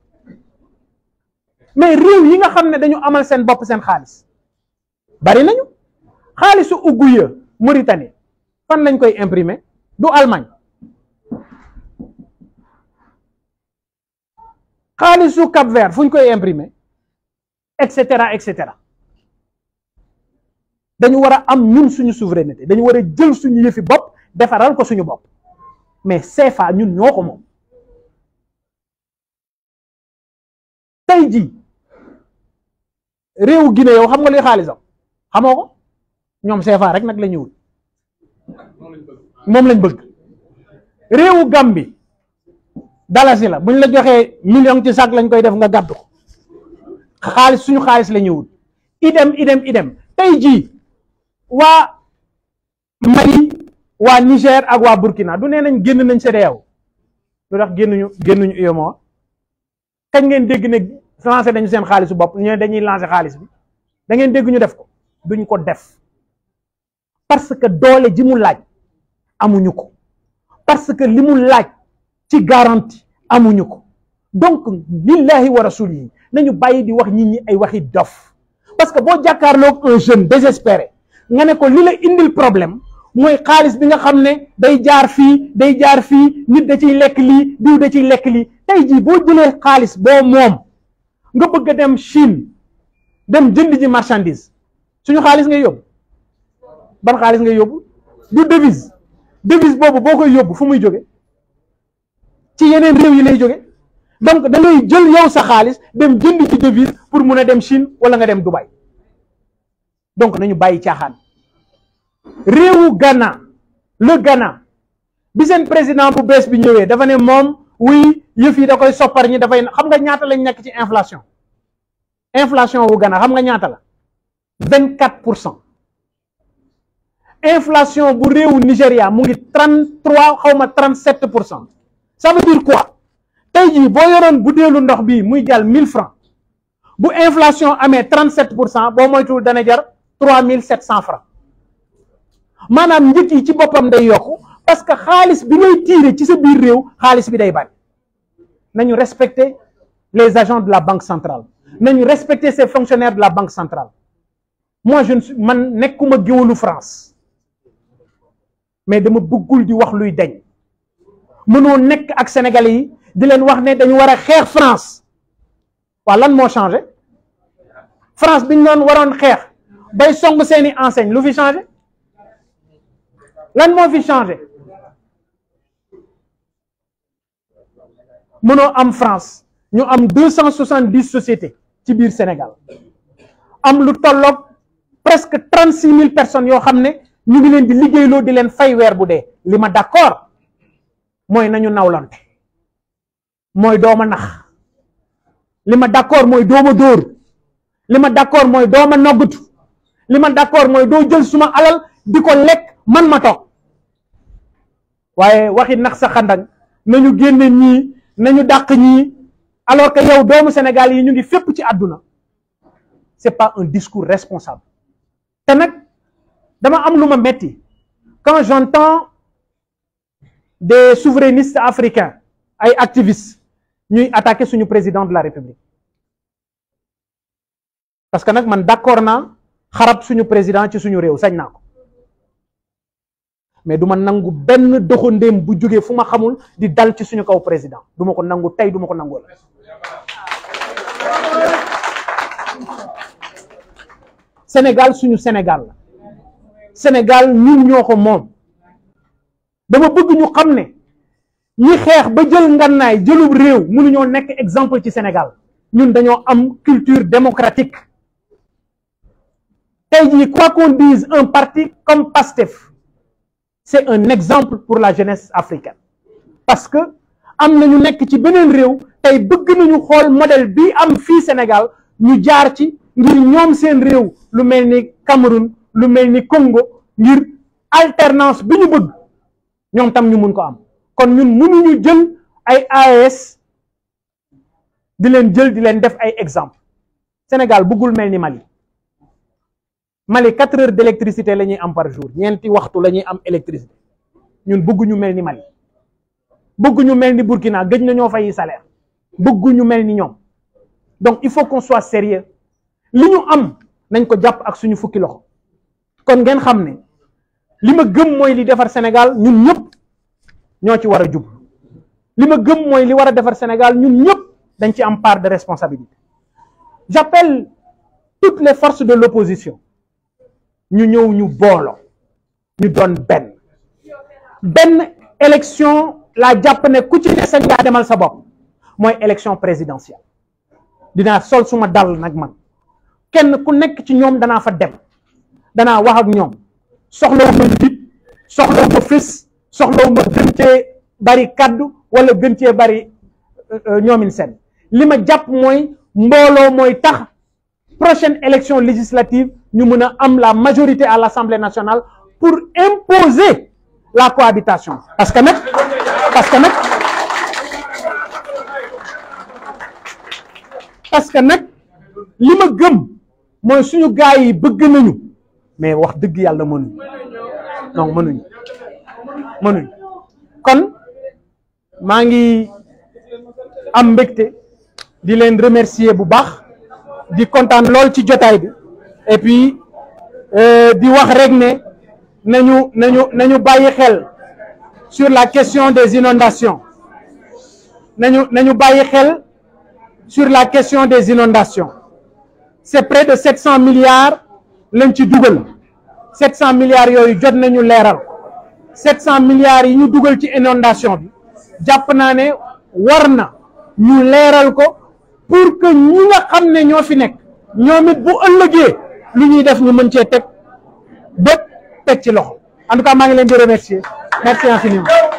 mais réew yi nga xam ne dañu amal seen bopp seen xaalis bari nañu xaalisu Ouguiya Mauritanie fan lañ koy imprimer du Allemagne xaalisu Cap-Vert fu ñu koy imprimer et cetera et cetera dañu war a am ñun suñu souveraineté dañu war a jël suñu yëfi bopp defaral ko suñu bopp mais CFA ñun ñoo ko moom tey ji réew Guinée yow xam nga luy xaalisam xamoo ko ñoom CFA rek nag la ñu wut moom lañ bëgg réewu Gambie dalasi la buñ la joxee million ci sac lañ koy def nga gàddu ko xaalis suñu xaalis la ñu wut idem idem idem tey jii waa Mali waa Niger ak waa Burkina du nee nañ génn nañ CEDEAO lu tax génnuñu génnuñu UEMOA kañ ngeen dégg ne lancé nañu seen xaalisu bopp ñu dañuy lancé xaalis bi da ngeen dégg ñu def ko duñ ko def parce que doole ji mu laaj amuñu ko parce que li mu laaj ci garantie amuñu ko donc lillahi wa sul yi nañu bàyyi di wax nit ñi ay waxi dof parce que boo jàkkaarloog un jeune désespéré nga ne ko li la indil problème mooy xaalis bi nga xam ne day jaar fii day jaar fii nit da ciy lekk lii diw da ciy lekk lii tey jii boo jëlee xaalis boo moom nga bëgg a dem Chine dem jënd ji marchandise suñu xaalis ngay yóbbu ban xaalis ngay yóbbu du devise devise boobu boo koy yóbbu fu muy jóge ci yeneen réew yi lay jóge donc da ngay jël yow sa xaalis dem jënd ci devise pour mun a dem Chine wala nga dem Dubai donc nañu bàyyi caaxaan. réewu Ghana le Ghana bi seen président bu bees bi ñëwee dafa ne moom wuy yëf yi da koy soppar ñi dafay xam nga ñaata lañ nekk ci inflation inflation wu gana xam nga ñaata la vingt quatre pour cent inflation bu réewu Nigéria mu ngi trente xaw ma trente sept pour cent ça veut dire quoi tey jii boo yoroon bu ndox bi muy jàll mille francs bu inflation amee trente sept pour cent boo moytuwul dana jar trois mille sept cent maanaam njëkk yi ci boppam day yokku parce que xaalis bi ngay tiire ci sa biir réew xaalis bi day bari nañu respecter les agents de la banque centrale ñu respecter ces fonctionnaires de la banque centrale moi je ne suis man nekkuma géwalu France mais dama buggul di wax luy dañ mënoo nekk ak sénégalais yi di leen wax ne dañu war a xeex France waa lan moo changé France bi ñu doon waroon xeex bay song seeni enseigne lu fi changé lan moo fi changé mënoo am France ñu am deux cent soixante dix sociétés ci biir Sénégal am lu tolloog presque trent six mille personnes yoo xam ne ñu ngi leen di liggéeyloo di leen fay weer bu dee li ma d'accord mooy nañu nawlante mooy dooma nax li ma d'accord mooy dooma dóor li ma d'accord mooy dooma noggatu li ma d'accord mooy doo jël suma alal di ko lekk man ma toog waaye waxi nax sa xandang nañu génnee ñii nañu dàq ñii alors que yow doomu Sénégal yi ñu ngi fépp ci àdduna c'est pas un discours responsable te nag dama am lu ma metti quand temps des souverainistes africains ay activistes ñuy attaquer suñu président de la République parce que nag man d'accord na xarab suñu président ci suñu réew sañ naa ko mais du ma nangu benn doxandéem bu jógee fu ma xamul di dal ci suñu kaw président du ma ko nangu tey duma ko nangu la Sénégal suñu Sénégal la Sénégal ñun ñoo ko moom dama bëgg ñu xam ne ñi xeex ba jël ngannaay jëlub réew mu mënuñoo nekk exemple ci Sénégal ñun dañoo am culture démocratique tey jii quoi qu'on dise un parti comme PASTEF c'est un exemple pour la jeunesse africaine parce que am na ñu nekk ci beneen réew tey bëgg nañu xool modèle bi am fii Sénégal ñu jaar ci ngir ñoom seen réew lu mel ni Cameroun lu mel ni Congo ngir alternance bi ñu bëgg ñoom tam ñu mun ko am kon ñun mënuñu jël ay AES di leen jël di leen def ay exemple Sénégal buggul mel ni Mali Mali quatre heures d' électricité la ñuy am par jour ñeenti waxtu la ñuy am électricité ñun bëgguñu mel ni Mali bëgguñu mel ni Burkina gëj na ñoo fay salaire bëgguñu mel ni ñoom donc il faut qu'on soit sérieux li ñu am nañ ko jàpp ak suñu fukki loxo kon ngeen xam ne li ma gëm mooy li defar Sénégal ñun ñëpp ñoo ci war a jub li ma gëm mooy li war a defar Sénégal ñun ñëpp dañ ci am part de responsabilité j'appelle toutes les forces de l'opposition ñu ñëw ñu booloo ñu doon benn benn élection laa jàpp ne ku ci ne sañ ngaa demal sa bopp mooy élection présidentielle dinaa sol suma dal nag man kenn ku nekk ci ñoom danaa fa dem danaa wax ak ñoom soxlawuma nit soxlawuma fis soxlawuma gën cee bari kaddu wala gën cee bari euh, euh, ñoomin seen li ma jàpp mooy mbooloo mooy tax prochaine élection législative ñu mën a am la majorité à l'Assemblée nationale pour imposer la cohabitation parce que nag parce que nag parce que nag li ma gëm mooy suñu gars yi bëgg nañu mais wax dëgg yàlla mënuñu donc mënuñu mënuñu kon maa ngi am mbégte di leen remercier bu baax di kontaan lool ci jotaay bi et puis euh, di wax rek ne na ñu nañu nañu bàyyi xel sur la question des inondations nañu nañu bàyyi xel sur la question des inondations c'est près de 700 milliards lañ ci dugal 700 milliards yooyu jot nañu leeral 700 milliards yi ñu dugal ci inondation bi jàpp naa ne war na ñu leeral ko. pour que ñi nga xam ne ñoo fi nekk ñoom it bu ëllëgee lu ñuy def ñu mën cee teg bët teg ci loxo en tout cas maa ngi leen di remercier merci infiniment